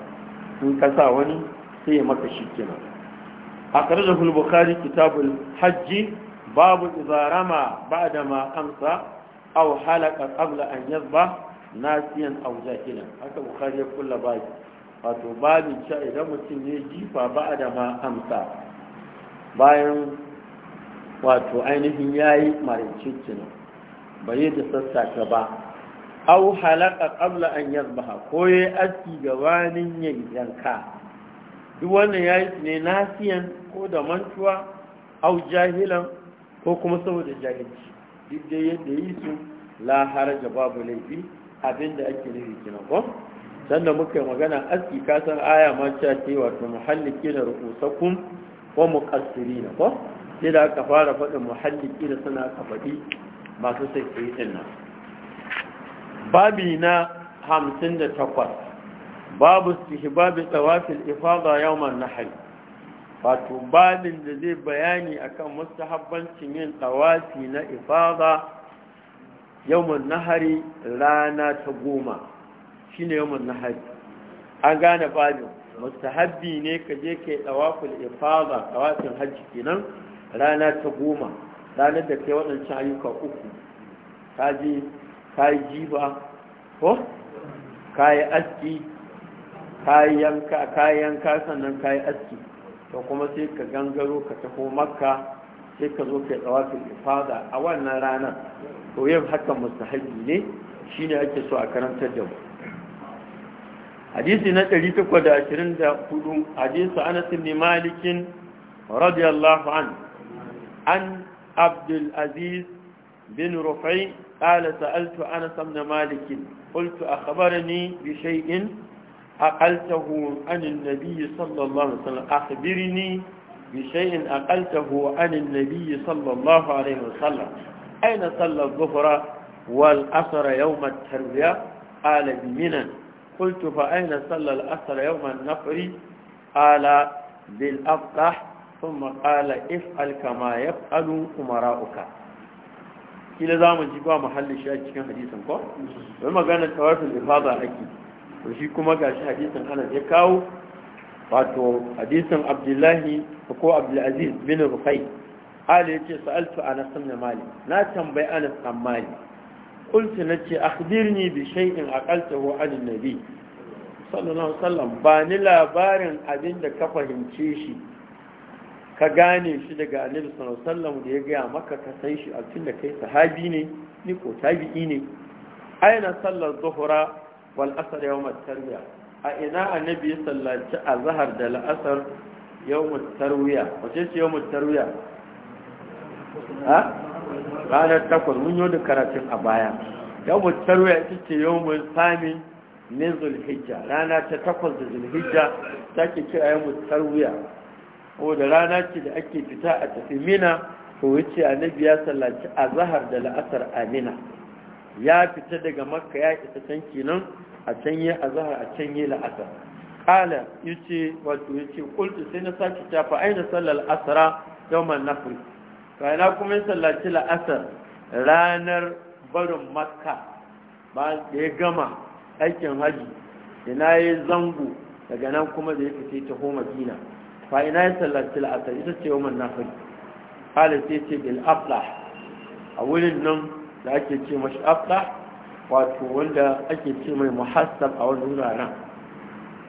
in ka sa wani sai ya maka shi kenan a ƙarshen bukhari kitabul hajji babu izarama ba ma amsa au halaka qabla an yazba nasiyan aw jahilan haka bukhari ya kulla bai wato babin cewa idan mutum ya jifa ba da ma amsa bayan wato ainihin ya yi maricicina ba yi da sassaka ba au halaka kabla an yazbaha ko ya aski gabanin yin yanka duk wannan ya yi ne nasiyan ko da mantuwa au jahilan ko kuma saboda jahilci duk da yadda yi su la haraja babu laifi abinda ake nufi kina ko sannan muka yi magana aski ka san aya ma cewa ce wato muhalliki da rukusakum wa muqassirin ko sai da aka fara faɗin muhalliki da suna aka faɗi masu sai din nan babi na 58 babu istihbabi tawafil ifada yawman nahl wato babin da zai bayani akan mustahabbancin yin tawafi na ifada yawman nahari rana ta goma shine na nahari an gane babin mustahabbi ne ka je ka yi tsawafin ifada tsawafin hajji kenan rana ta goma ranar da kai waɗancan ayyuka uku ka je ka yi jiba ko ka yi aski kayan yanka sannan ka yi aski to kuma sai ka gangaro ka taho makka sai ka zo ka yi ifada a wannan ranar to yin hakan mustahabi ne shi ne ake so a karantar da mu hadisi na 824 hadisi anas bin malik radiyallahu an an abd aziz bin rufai qala sa'altu anas bin malik qultu akhbarani bi shay'in aqaltahu an an-nabiy sallallahu alayhi wasallam akhbirni bi shay'in aqaltahu an an sallallahu alayhi wasallam ayna sallat dhuhra wal asr yawm at-tarwiyah qala bi minan qultu fa aina salla al-asr yawm an-nafri qala bil afqah thumma qala if'al kama yaf'alu umara'uka kila zamu ji ba muhalli shi a cikin hadisin ko wai magana tawafil ifada ake to shi kuma gashi hadisin Anas ya kawo wato hadisin Abdullahi ko Abdulaziz bin Rufai Ali yace sa'altu Anas ibn Malik na tambayi ana ibn Malik قلت لك أخبرني بشيء أقلته عن النبي صلى الله عليه وسلم باني لابارن أبين دا كفهم تشيشي كغاني شي دا النبي صلى الله عليه وسلم دي يجي مكة كسيشي أبين دا كي صحابيني نيكو تابعيني أين صلى الظهر والأسر يوم التروية أين النبي صلى الظهر دا الأسر يوم التروية وشيش يوم التروية ها ranar takwas mun yi da karatun a baya yau mu tarwe ita ce yau mun sami ne zulhijja rana ta takwas da zulhijja ta ke kira yau mu tarwiya da rana ce da ake fita a tafi mina ko wuce annabi ya sallaci a zahar da la'asar a mina ya fita daga makka ya isa can kenan a can yi a zahar a can yi la'asar kala yace wato yace kultu sai na sake tafa aina sallar asara na nafri ina kuma ya sallaci la'asar ranar barin makka ba da ya gama aikin hajji? ina ya zango daga nan kuma da ya fice ta homa dina fa ina ya sallaci la'asar ita ce wa manafari kala sai ce bil a wurin nan da ake ce mashi afla wato wanda ake ce mai muhassab a wani wuraren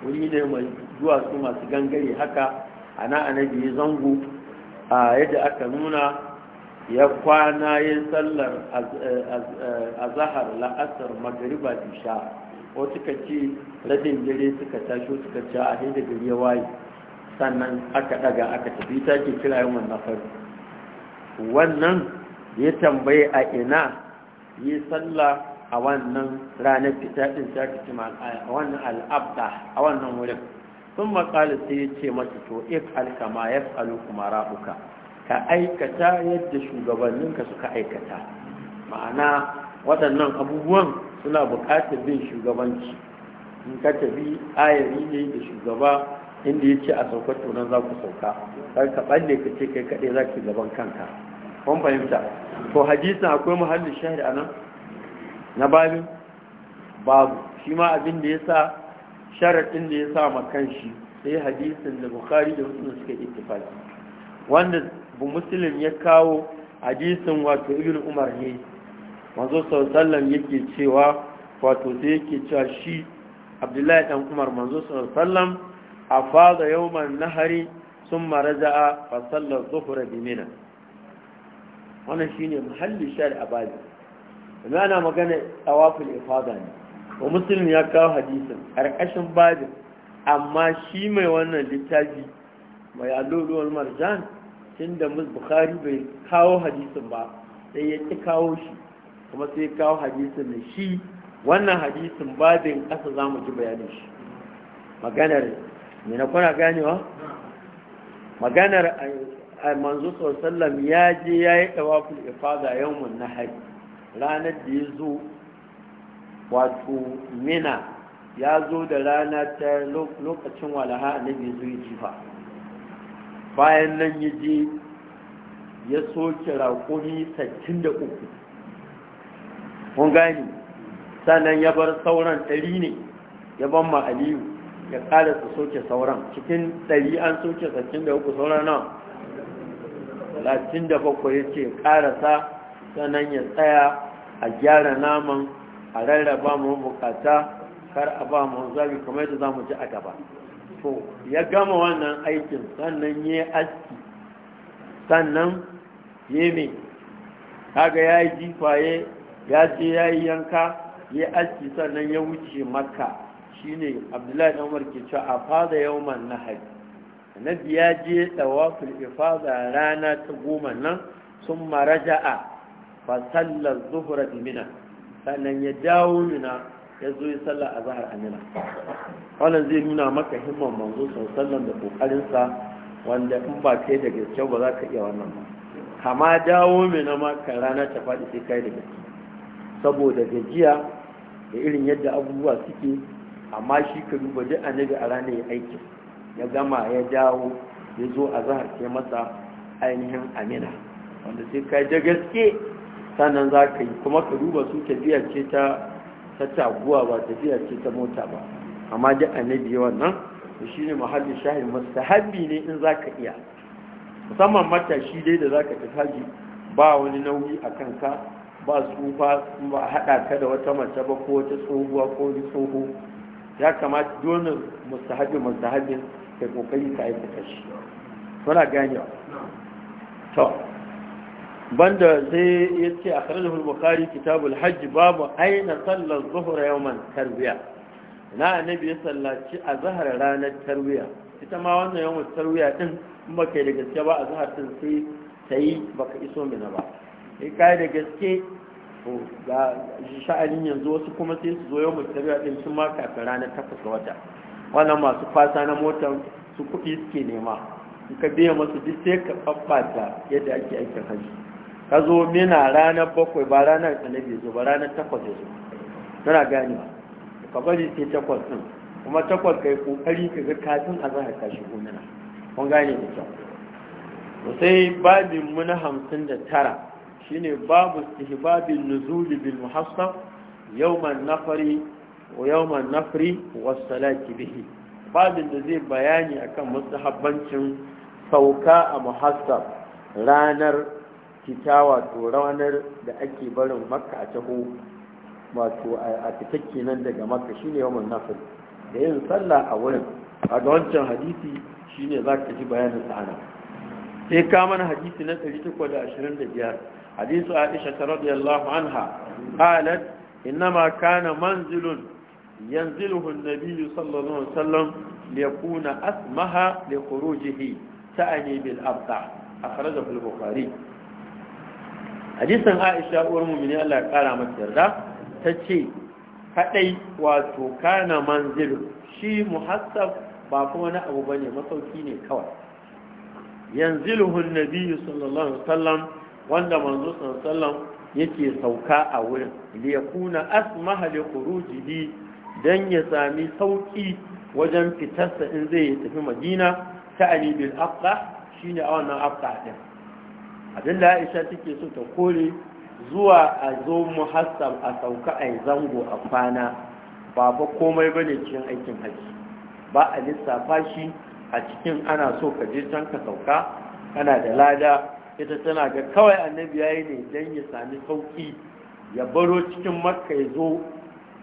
wuri ne mai zuwa su masu gangare haka ana anabi ya zango a yadda aka nuna ya kwana yin sallar a eh, eh, zahar la'asar magariba isha ko suka ci rabin dare suka tashi suka ci a da gari ya waye sannan aka daga aka tafi ta ke kira yawan nafari wannan ya tambaye a ina yi sallah a wannan ranar fita ɗin ta a wannan al'abda a wannan wurin sun makali sai ya ce masu to ik alkama ya tsalu kuma rabuka ka aikata yadda shugabanninka suka aikata ma'ana waɗannan abubuwan suna buƙatar bin shugabanci in ka tafi ayari ne da shugaba inda ya ce a sauka tunan za ku sauka kar ka ɓalle ka ce kai kaɗai za ki gaban kanka kun fahimta to hadisin akwai muhallin shahari a nan na babin babu shi ma abin da ya sa sharaɗin da ya sa ma kanshi sai hadisin da bukari da muslim suka yi ittifaki wanda bu muslim ya kawo hadisin wato ibn umar ne manzo sallallahu yake cewa wato sai yake cewa shi abdullahi dan umar manzo sallallahu a fada yawman nahari sun maraja'a fa sallar zuhura bi mina wannan shine muhalli shari'a bazi ana magana tawaful ifada ne wa muslim ya kawo hadisin ƙarƙashin babin amma shi mai wannan littafi mai aluluwar marjan tun da mus bukari bai kawo hadisin ba sai ya ci kawo shi kuma sai ya kawo hadisin da shi wannan hadisin babin ƙasa za mu ji bayanin shi maganar me na kuna ganewa maganar eh, manzo sallam ya je ya yi ɗawafin ifada yawon nahari ranar da ya zo wato mina ya zo da rana ta lokacin walaha annabi zo yi jifa bayan nan ya je ya soke raƙumi 63 kun gani sannan ya bar sauran ɗari ne ya ban ma'aliyu aliyu ya kada su soke sauran cikin ɗari an soke 63 sauran nan bakwai ya ce ƙarasa sannan ya tsaya a gyara naman a rarraba mu bukata kar a ba mu zabi kamar yadda za mu ji a gaba to ya gama wannan aikin sannan ya aski sannan ya mai kaga ya yi jifaye ya je ya yi yanka ya aski sannan ya wuce makka shine abdullahi dan umar ke cewa a fada yawman nahari annabi ya je dawaful ifada rana ta goma nan sun maraja'a fa sallar zuhra bi sannan ya dawo mina ya zo ya sallah a zahar amina wannan zai nuna maka himman manzo sallan da kokarinsa wanda in ba kai da gaske ba za ka iya wannan ba kama dawo mina ma ka rana ta faɗi sai kai da gaske saboda gajiya da irin yadda abubuwa suke amma shi ka duba duk annabi a ranar ya aiki ya gama ya dawo ya zo a zahar ke masa ainihin amina wanda sai kai da gaske sannan za ka yi kuma ka duba su tafiyar ce ta ta ba tafiyar ce ta mota ba amma duk annabi yawan nan da shi ne mahallin mustahabi ne in za ka iya musamman matashi dai da za ka tafi ba wani nauyi a kanka ba tsufa ba haɗa ka da wata mace ba ko wata tsohuwa ko wani tsoho ya kamata dole mustahabin mustahabin kai kokari ka aikata shi muna ganewa to banda zai ya ce a karar bukari kitabul hajji babu aina sallar zuhura yawman tarbiya na annabi ya sallaci a zahar ranar tarbiya ita ma wannan yawon tarbiya din in ba kai da gaske ba a zahar din sai ta yi baka iso mina ba in kai da gaske to ga sha'anin yanzu wasu kuma sai su zo yawon tarbiya din sun ma kafin ranar takwas ga wata wannan masu fasa na motar su kuɗi suke nema in ka biya masu duk sai ka ɓaɓɓata yadda ake aikin hajji ka zo mina ranar bakwai ba ranar annabi zo ba ranar takwas ya zo tana ganewa ka bari sai takwas din kuma takwas kai kokari ka ga kafin a zahar ka shigo mina kun gane da kyau to sai babin mu na hamsin da tara shine babu istihbabin nuzuli bil muhassab yawman nafari wa yawman nafri wa salati bihi babin da zai bayani akan mustahabbancin sauka a muhassab ranar fita wato ranar da ake barin makka a taho wato a fitakke nan daga makka shine yawon nafil da yin sallah a wurin a ga wancan hadisi shine za ka ji bayanin sa'ana sai ka mana hadisi na 825 hadisu aisha ta radiyallahu anha qalat innama kana manzilun yanziluhu an-nabiy sallallahu alaihi wasallam liyakuna asmaha liqurujihi ta'ani bil abda akhrajahu al-bukhari hadisin aisha uwar mumini Allah ya kara mata yarda ta ce kadai wato kana manzilu shi muhassab ba kuma wani abu bane masauki ne kawai yanziluhu nabiyyu sallallahu alaihi wasallam wanda manzo sallallahu wasallam yake sauka a wurin li yakuna asmaha li khurujihi dan ya sami sauki wajen fitarsa in zai tafi madina ta ali bil aqqa shine a wannan Afsa din abinda aisha take so ta kore zuwa a zo muhassab a sauka a zango a kwana ba fa komai bane cikin aikin haji ba a lissafa shi a cikin ana so ka je can ka sauka kana da lada ita tana ga kawai annabi yayi ne dan ya sami sauki ya baro cikin makka ya zo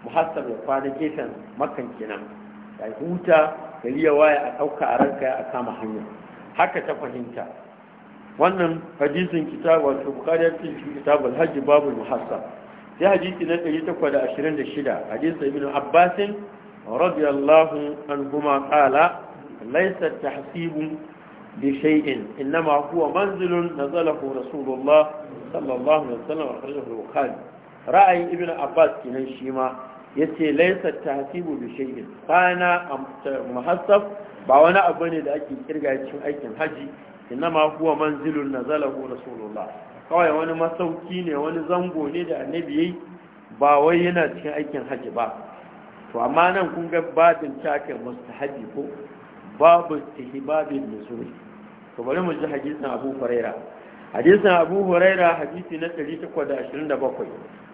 muhassab ya kwana gefen makkan kenan ya huta gari ya waye a ɗauka a ranka a kama hanya haka ta fahimta wannan hadisin kitab wato bukari ya ce shi kitab alhaji babu al muhassa sai hadisi na 826 hadisi ibn abbas radiyallahu anhuma qala laysa tahsibun bi shay'in inma huwa manzilun nazalahu rasulullah sallallahu alaihi wasallam akhrajahu bukhari ra'ayin ibn abbas kenan shi ma yace laysa tahsibu bi shay'in kana muhassab ba wani abu ne da ake kirga cikin aikin haji innama huwa manzilun nazalahu rasulullah kawai wani masauki ne wani zango ne da annabi yayi ba wai yana cikin aikin haji ba to amma nan kun ga babin takin mustahabi ko babu tihbabin nuzul to bari mu ji hadisin Abu Huraira hadisin Abu Huraira hadisi na 827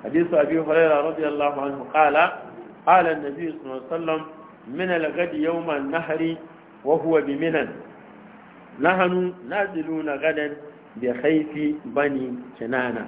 hadisin Abu Huraira radiyallahu anhu qala qala an-nabi sallallahu alaihi wasallam min al-ghadi yawm an-nahri wa huwa bi minan nahanu naziluna gadan bi khaifi bani kinana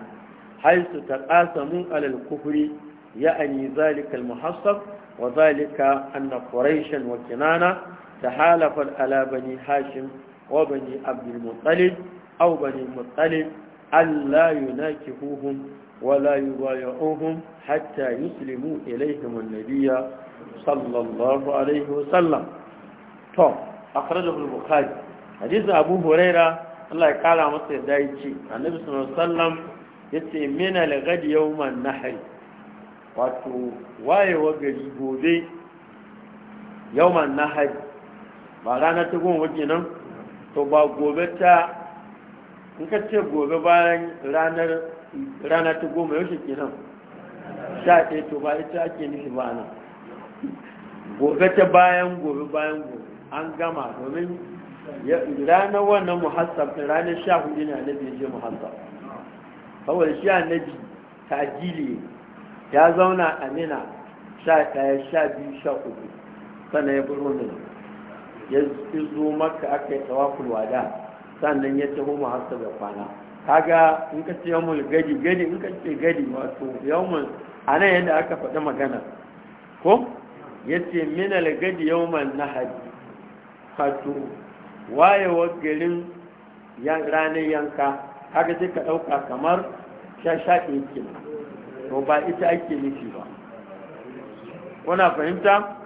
haisu taqasamu alal kufri ya'ni zalika al muhassab wa zalika anna quraishan wa kinana tahalafat ala bani hashim wa bani abdul muttalib aw bani muttalib alla yunakihuhum wa la yubayuhum hatta yuslimu ilayhim an-nabiy sallallahu alayhi wa sallam to akhrajahu al-bukhari hadisin abu huraira Allah ya kara masa yadda ya ce annabi sallallahu alaihi wasallam yace min yau ghad na hari. wato wayewa gari gobe na hari. ba rana ta goma nan, to ba gobe ta in ka ce gobe bayan ranar rana ta goma shi kenan sha ɗaya to ba ita ake nufi ba nan gobe ta bayan gobe bayan gobe an gama domin ranar wannan muhassab ranar sha hudu ne annabi ya je muhassab kawai shi annabi tajili ya zauna a mina sha ɗaya sha biyu sha uku sannan ya bi rundun ya zo maka aka yi tawakul wada sannan ya taho muhassab da kwana kaga in ka ce yawon gadi gadi in ka ce gadi wato yawon a nan yadda aka faɗi magana ko ya ce minal gadi yawon na wato wayewar garin ranar yanka haka sai ka ɗauka kamar shashaƙin kina to ba ita ake nufi ba kuna fahimta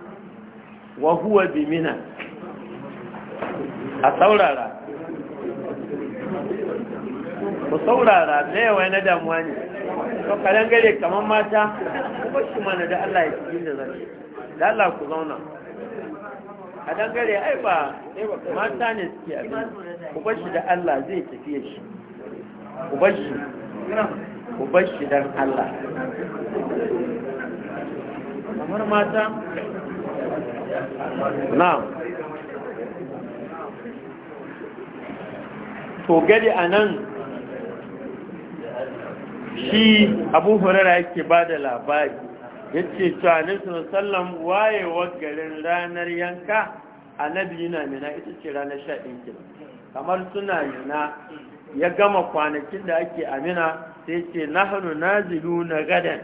wa huwa bimina a saurara ku saurara na yawa na damuwa ne to kalan gare kamar mata kuma shi mana da Allah ya cikin da zai da Allah ku zauna a dangare ai ba mata ne suke a uban shi da Allah zai tafi shi ubashi ubashi uban dan Allah kamar mata na to gari a nan shi abu hurara yake ba da labari yace ta alaihi sallam wayewar garin ranar yanka annabi yana mina ita ce ranar 11 kenan kamar suna yana ya gama kwanakin da ake amina sai ce nahnu na gadan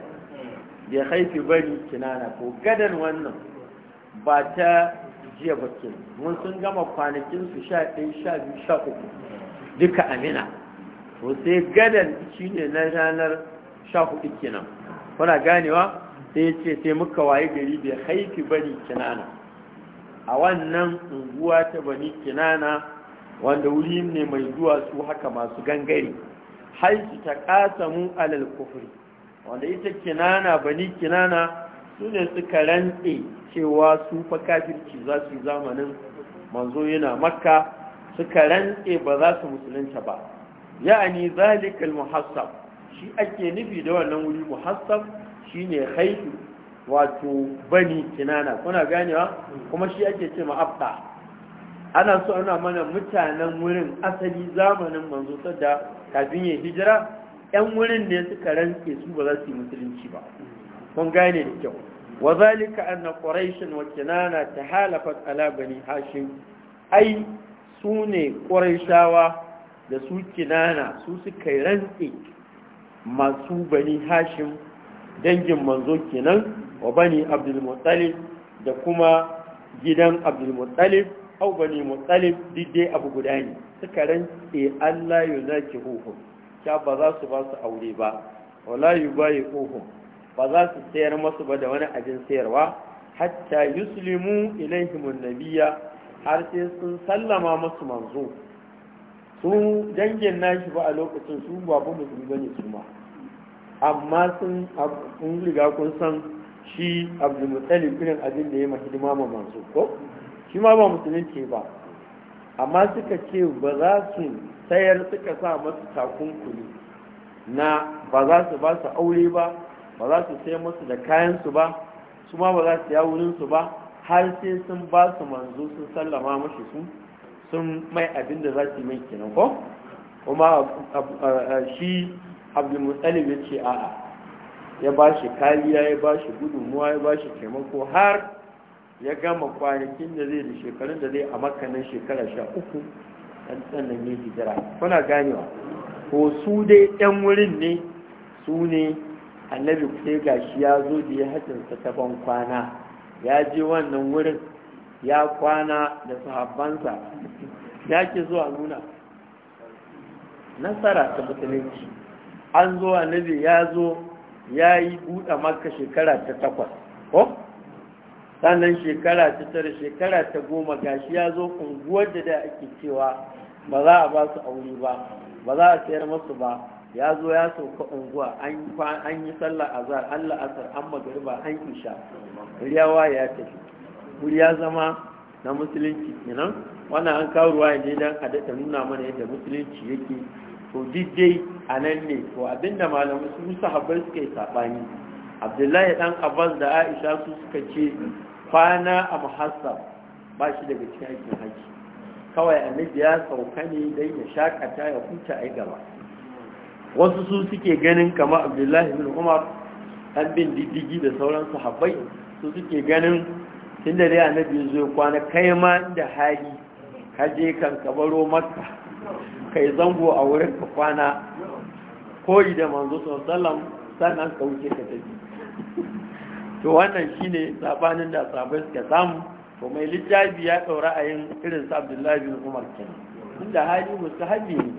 bi haifi bari kinana ko gadan wannan ba ta jiya ba ke mun sun gama kwanakin su biyu sha uku duka amina to sai gadan shine na ranar hudu kenan kuna ganewa sai ce sai muka waye gari bai haifi bani kinana a wannan unguwa ta bani kinana wanda wuri ne mai zuwa su haka masu gangare haifi ta kasamu alal kufri wanda ita kinana bani kinana su ne suka rantse cewa su fa kafirci za su yi zamanin manzo yana makka suka rantse ba za su musulunta ba ya'ani zalikal muhassab shi ake nufi da wannan wuri muhassab Shi ne haihu wato bani kinana kuna ganewa mm. kuma shi ake ce ma'abta ana so ana mana mutanen wurin asali zamanin manzo sadda kafin ya hijira yan wurin ne suka rantse su ba za su yi musulunci ba kun gane da kyau wa zalika anna quraishan wa kinana tahalafat ala bani hashim ai su ne quraishawa da su kinana su suka rantse masu bani hashim dangin manzo kenan wa bani abdulmuttalib da kuma gidan abdulmuttalib au bani muttalib diddai abu guda ne suka rantse Allah ya zaki huhun ya ba za su ba su aure ba wala ba bayi huhun ba za su sayar masu ba da wani abin sayarwa hatta yuslimu ilaihimun nabiyya har sai sun sallama masu manzo su dangin nashi ba a lokacin su babu musulmi bane su ma amma sun riga kun san shi abdulmutsalif irin abin da ya ma hidima ma masu ko shi ma ba musulunci ba amma suka ce ba za su sayar suka sa masu takunkuli na ba za su ba su aure ba ba za su sai masu da kayansu ba su ma ba za su ya ba har sai sun ba su manzo sun sallama mashi su sun mai abin da za su yi mai kenan ko kuma shi abdulmutsalib ya ce a'a ya ba shi kariya ya ba shi gudunmuwa ya ba shi taimako har ya gama kwanakin da zai da shekarun da zai a makanin shekara sha uku ɗan tsanan ya hijira kuna ganewa ko su dai ɗan wurin ne su ne annabi ga shi ya zo da ya hajjinsa ta ban kwana ya je wannan wurin ya kwana da sahabbansa ya ke zuwa nuna nasara ta musulunci an zo annabi ya zo ya yi buɗe maka shekara ta takwas ko sannan shekara ta tara shekara ta goma gashi ya zo unguwar da da ake cewa ba za a ba su aure ba ba za a sayar masu ba ya zo ya sauka unguwa an yi sallah azar allah asar an magariba an isha riyawa ya tafi wuri ya zama na musulunci kenan wannan an kawo ruwa ne don a daɗa nuna mana yadda musulunci yake to dai a nan ne to abinda malamu su sahabbai suke yi saɓani abdullahi ɗan abbas da aisha su suka ce kwana a muhassab ba shi daga cikin aikin haji kawai annabi ya sauka ne don ya shakata ya huta a gaba wasu su suke ganin kamar abdullahi bin umar an bin diddigi da sauran sahabbai su suke ganin tun da dai annabi zo kwana kai ma da hali kaje kan kabaro makka kai zango a wurin ka kwana koyi da manzo sallam sannan ka wuce ka tafi to wannan shine sabanin da sabai suka samu to mai littafi ya daura ra'ayin irin sa Abdullahi bin Umar kenan inda hali mustahabi ne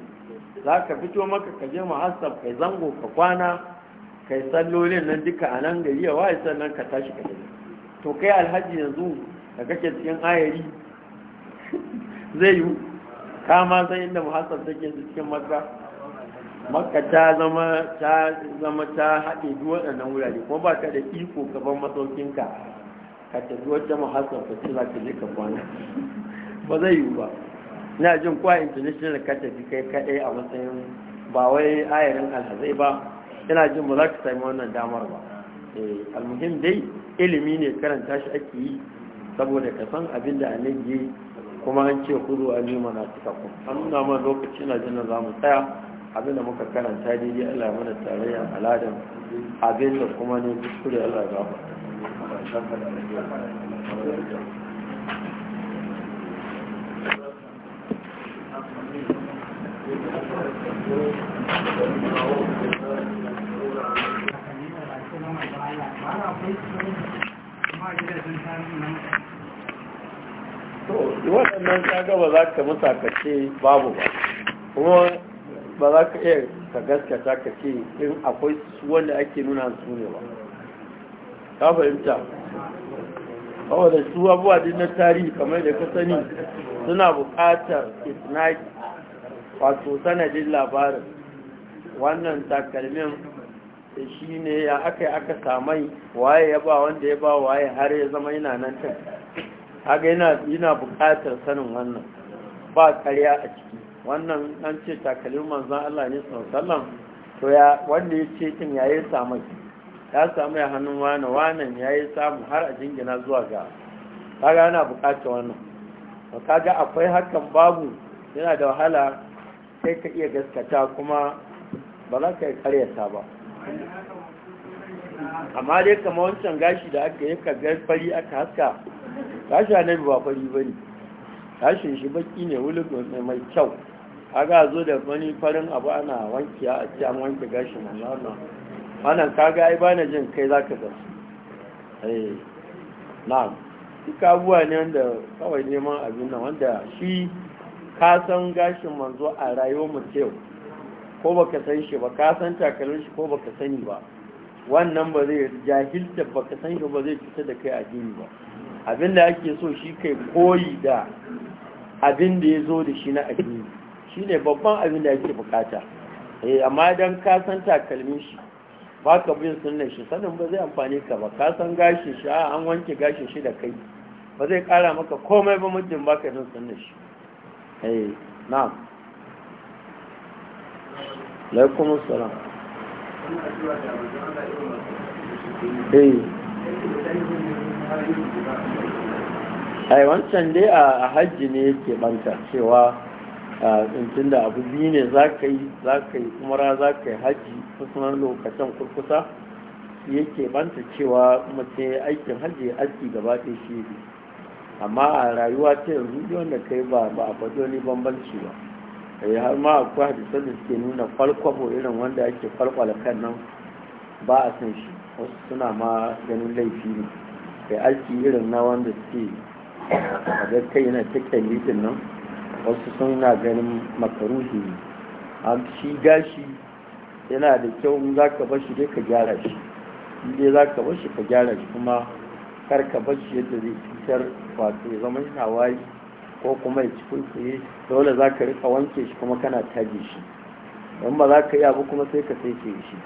za fito maka ka je muhassab kai zango ka kwana kai sallolin nan duka a nan gari ya wai sannan ka tashi ka tafi to kai alhaji yanzu da kace cikin ayari (laughs) zai yi kama san inda muhassab take cikin makka makka ta zama ta haɗe duk waɗannan wurare kuma ba ka da iko gaban masaukinka ka tafi wata mahasar fashe za ka je ka kwana ba zai yiwu ba na jin kwa international ka tafi kai kaɗai a matsayin ba wai ayarin alhazai ba yana jin ba za ka sami wannan damar ba eh, almuhim dai ilimi ne karanta shi ake yi saboda ka san abin da annabi kuma an ce kuzo a nema na cika an nuna ma lokaci na jin za mu tsaya abinda muka karanta daidai Allah mana tarayya aladan abinda kuma ne kuskure Allah ga ba to waɗannan kaga ba za ka musa ce babu ba kuma ba za ka iya ka gaskata ka ce in akwai wanda ake nuna su ne ba ka fahimta kawai da su abuwa din na tarihi kamar da ka sani suna buƙatar isnaki wato sanadin labarin wannan takalmin shi ne ya aka yi aka samai waye ya ba wanda ya ba waye har ya zama yana nan ta haka yana buƙatar sanin wannan ba karya a ciki wannan an ce takalmin manzan Allah ne sallam to ya wanda ya ce kin yayi samu ya samu ya hannun wani wanan yayi samu har a jingina zuwa ga kaga ana bukatar wannan to kaga akwai hakan babu yana da wahala sai ka iya gaskata kuma ba za ka yi karyata ba amma dai kama wancan gashi da aka yi ka fari aka haska gashi annabi ba fari bane gashin shi baki ne wulugul mai kyau kaga zo da wani farin abu ana wankiya a ci an wanke gashi na Allah wannan kaga ai bana jin kai zaka ga eh na'am duka abuwa ne wanda kawai neman abin nan wanda shi ka san gashin manzo a rayuwar mu yau ko baka san shi ba ka san takalmin shi ko baka sani ba wannan ba zai jahilta baka san shi ba zai fita da kai addini ba abin da ake so shi kai koyi da abin da ya zo da shi na addini shine babban abin da yake bukata eh amma don kasan san takalmin shi ka bin sunan shi sanin ba zai amfani ka ba ka san gashin shi an wanke gashin shi da kai ba zai kara maka komai ba muddin ka bin sunan shi eh na'am alaikum assalam eh ai wancan dai a hajji ne yake banta cewa tun da abu biyu ne za ka yi za ka yi umara za ka yi hajji kuma lokacin kurkusa yake banta cewa mace aikin haji aski gaba ɗaya shi ne amma a rayuwa ta yanzu wanda kai ba ba a faɗi ne bambanci ba kai eh, har ma akwai hadisan da suke nuna kwalkwabo irin wanda ake kwalkwala kan nan ba a san shi wasu suna ma ganin laifi ne kai aski irin na wanda suke a kai yana ta kyalitin nan wasu sun na ganin makaruhi ne shi gashi yana da kyau in za ka bashi dai ka gyara shi dai za ka bashi ka gyara shi kuma kar ka bashi yadda zai cutar wato ya zama yana wayi ko kuma ya ci kwaikwaye dole za ka rika wanke shi kuma kana taji shi don ba za ka yi abu kuma sai ka sai ke shi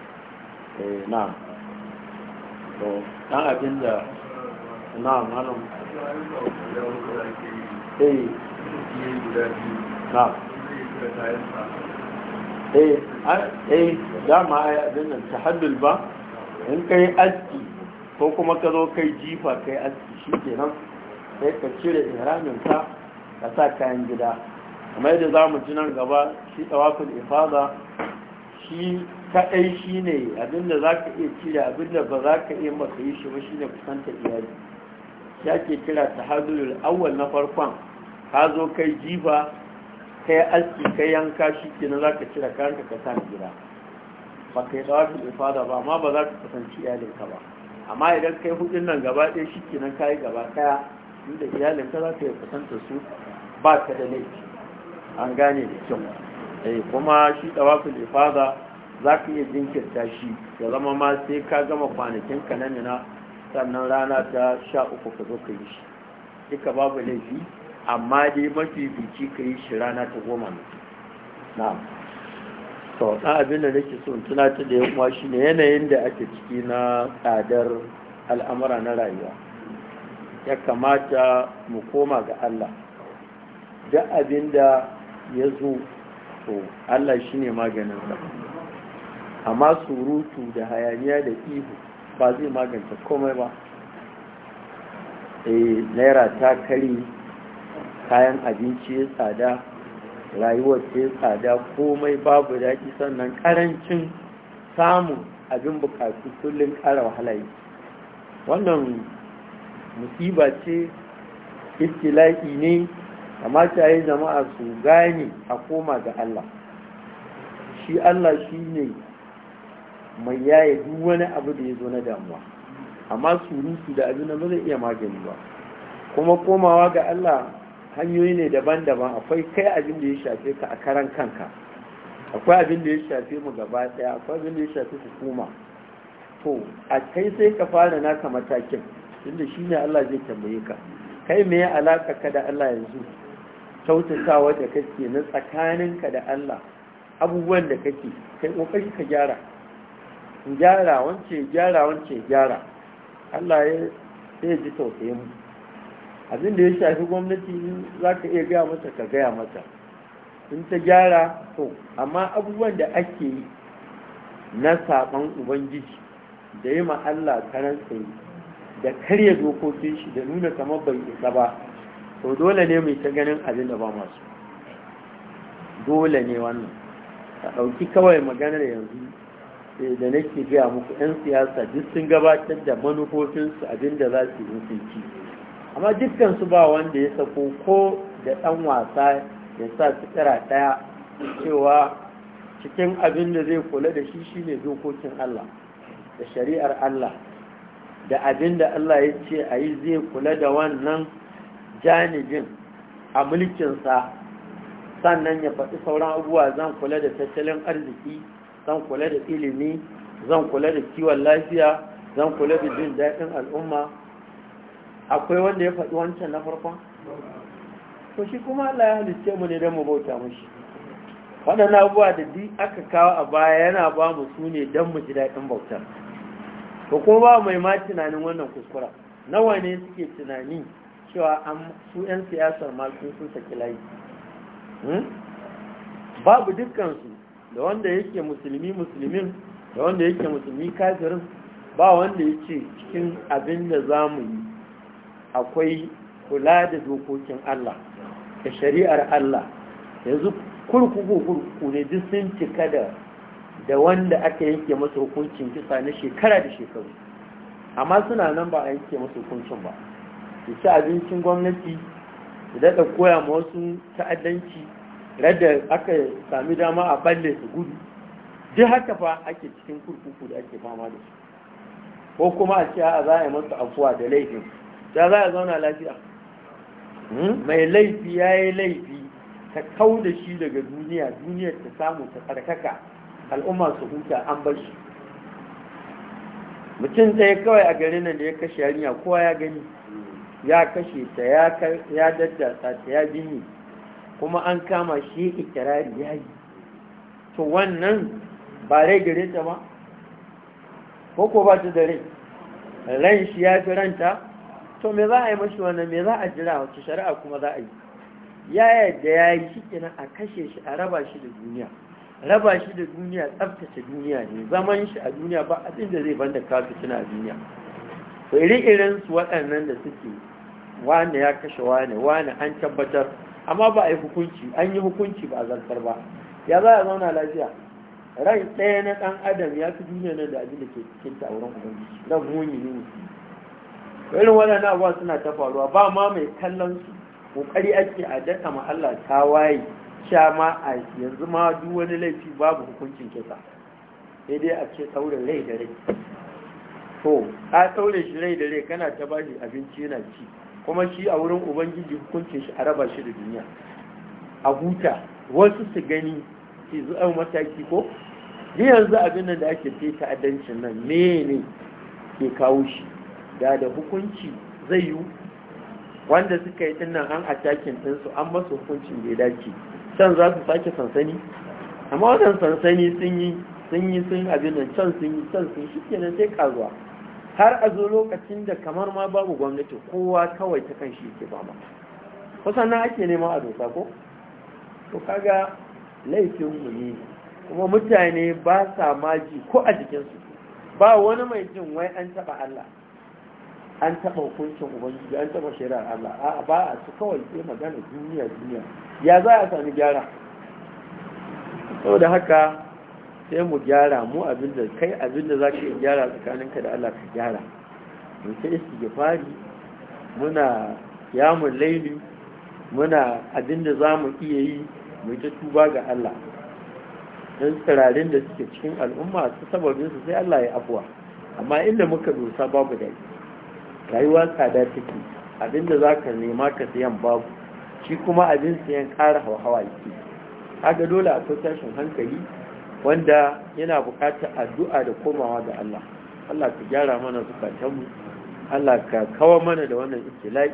eh, na to dan abin da na malam eh Eh, eh dama ai abin nan tahaddul ba in kai aski ko kuma ka zo kai jifa kai aski shikenan sai ka cire ihramin ka ka sa kayan gida kamar yadda za mu ji nan gaba shi tsawafin ifada shi kaɗai shi ne abinda za ka iya cire abinda ba za ka iya maka yi shi ba shi ne kusanta iyali ya ke kira ta hadulul awwal na farkon ka zo kai jifa kai aski kai yanka shi ke nan za ka cire kayanka ka sa gida ba ka da tsawafin ifada ba amma ba za ka kusanci iyalinka ba amma idan kai hudun nan gaba ɗaya shi nan ka yi gaba ɗaya inda iyalinka za ka yi kusanta su ba ka da laifi an gane da kyau eh kuma shi tsawafin ifada za ka iya jinkirta shi ya zama ma sai ka gama kwanakin ka na mina sannan rana ta sha uku ka zo ka yi shi duka babu laifi amma dai mafi biki ka yi shi rana ta goma mutu To ɗan abin da nake son ta da yankuwa shi ne yanayin da ake ciki na tsadar al'amura na rayuwa ya kamata mu koma ga Allah duk abin da ya zo to Allah shi ne maganin amma surutu da hayaniya da ihu ba zai magance komai ba eh, naira ta kare kayan abinci ya tsada rayuwar ta tsada komai babu daɗi sannan ƙarancin samun abin bukatu kullum ƙara wahala yi wannan musiba ce iftila'i ne amma ta yi jama'a su gane a koma ga Allah shi Allah shi ne mai yaya duk wani abu da ya zo na damuwa amma surutu da abin da ba zai iya magani ba kuma komawa ga Allah hanyoyi ne daban-daban akwai kai abin da ya shafe ka a karan kanka akwai abin da ya shafe mu gaba daya akwai abin da ya shafe hukuma to a kai sai ka fara naka matakin inda ne Allah zai tambaye ka kai me ya alaka ka da Allah yanzu Tautatawa da kake na tsakaninka da Allah abubuwan da kake kai kokari ka gyara gyara wance gyara wance gyara Allah ya ji tausayin mu abin da ya shafi gwamnati za ka iya gaya mata ka gaya mata in ta gyara to amma abubuwan da ake yi na saɓan ubangiji da yi Allah karan tsaye da karya dokokin shi da nuna kamar bai isa ba to dole ne mai ta ganin abin da ba masu dole ne wannan a ɗauki kawai maganar yanzu eh, da nake gaya muku 'yan siyasa duk sun gabatar da manufofinsu abin da za su yi ci amma dukkan su ba wanda ya sako ko da ɗan wasa ya sa su tsira ɗaya cewa cikin abin da zai kula da shi shine dokokin Allah da shari'ar Allah da abin da Allah ya ce a yi zai kula da wannan janibin a mulkinsa sannan ya faɗi sauran abubuwa zan kula da tattalin arziki zan kula da ilimi zan kula da kiwon lafiya zan kula da jin daɗin al'umma akwai wanda ya faɗi wancan na farkon to shi kuma Allah ya halitta mu ne don mu bauta mashi waɗannan abubuwa da duk aka kawo a baya yana ba mu su ne don mu ji daɗin bautar ko kuma ba mai ma tunanin wannan kuskura nawa ne suke tunani cewa an su 'yan siyasar ma sun sun saki layi hmm? babu dukkansu da wanda yake musulmi musulmin da wanda yake musulmi kafirin ba wanda ya ce cikin abin da za mu yi akwai kula da dokokin Allah da shari'ar Allah yanzu kurkuku kurkuku ne duk sun cika da wanda aka yanke masa hukuncin kisa na shekara da shekaru amma suna nan ba a yanke masa hukuncin ba su ci abincin gwamnati su daɗa koya ma wasu ta'addanci radda aka sami dama a balle su gudu duk haka fa ake cikin kurkuku da ake fama da su ko kuma a ce a za a yi masa afuwa da laifin ta za a zauna lafiya hmm? mai laifi ya yi laifi ta kau da shi daga duniya duniyar ta samu ta tsarkaka al'umma su huta an bar shi mutum ɗaya kawai a garin nan da ya kashe yarinya kowa ya gani ya kashe ta ya daddasa ta ya bini kuma an kama shi ikirari ya yi to wannan ba rai gare ta ba ko ko ba ta da rai ran shi ya fi ranta to me za a yi mashi wannan me za a jira wacce shari'a kuma za a yi ya yadda ya yi shi kenan a kashe shi a raba shi da duniya raba shi da duniya tsabtace duniya ne zaman shi a duniya ba abin da zai banda kasu tuna a duniya to iri-irin su waɗannan da suke wane ya kashe wane wane an tabbatar amma ba a yi hukunci an yi hukunci ba a zartar ba ya za a zauna lafiya rai ɗaya na ɗan adam ya fi duniya nan da abin da ke cikin ta a wurin ubangiji na muni ne irin waɗannan abuwa suna ta faruwa ba ma mai kallon su kokari ake a daka mahalla ta waye sha ma a yanzu ma duk wani laifi babu hukuncin kisa sai dai a ce saurin rai da rai to ka saurin shi rai da rai kana ta shi abinci yana ci kuma shi a wurin ubangiji hukuncin shi a raba shi da duniya a huta wasu su gani su zuwa mataki ko yanzu abin nan da ake fita dancin nan mene ke kawo shi da da hukunci zai yi wanda suka yi tunan an atakin ɗinsu an masu hukuncin da ya dace can za su sake sansani amma wannan sansani sun yi sun yi sun abin nan can sun yi can sun shi kenan sai kazuwa har a zo lokacin da kamar ma babu gwamnati kowa kawai ta kan shi yake ba ma kusan nan ake nema a dosa ko to kaga laifin mu ne kuma mutane ba sa maji ko a jikinsu ba wani mai jin wai an taɓa Allah an taɓa hukuncin ubangiji an taɓa shari'ar Allah a ba a su kawai sai magana duniya duniya ya za a sami gyara saboda haka sai mu gyara mu abinda kai abinda za ka gyara tsakaninka da Allah ka gyara mu ta fari, muna yamun laili muna abinda za mu iya yi mu ta tuba ga Allah don tsirarin da suke cikin al'umma su sai Allah ya afuwa amma inda muka dosa babu daɗi rayuwa tsada take abinda za ka nema ka siyan babu shi kuma abin siyan ƙara hawa yake haka dole a tashin hankali wanda yana buƙatar addu'a da komawa ga Allah Allah ka gyara mana zukatanmu Allah ka kawo mana da wannan ikila'i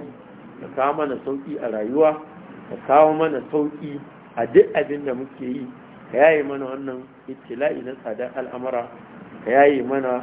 ka kawo mana sauki a rayuwa ka kawo mana sauki a duk abin da muke yi ka yaye mana wannan ikila'i na tsadar al'amara ka yaye mana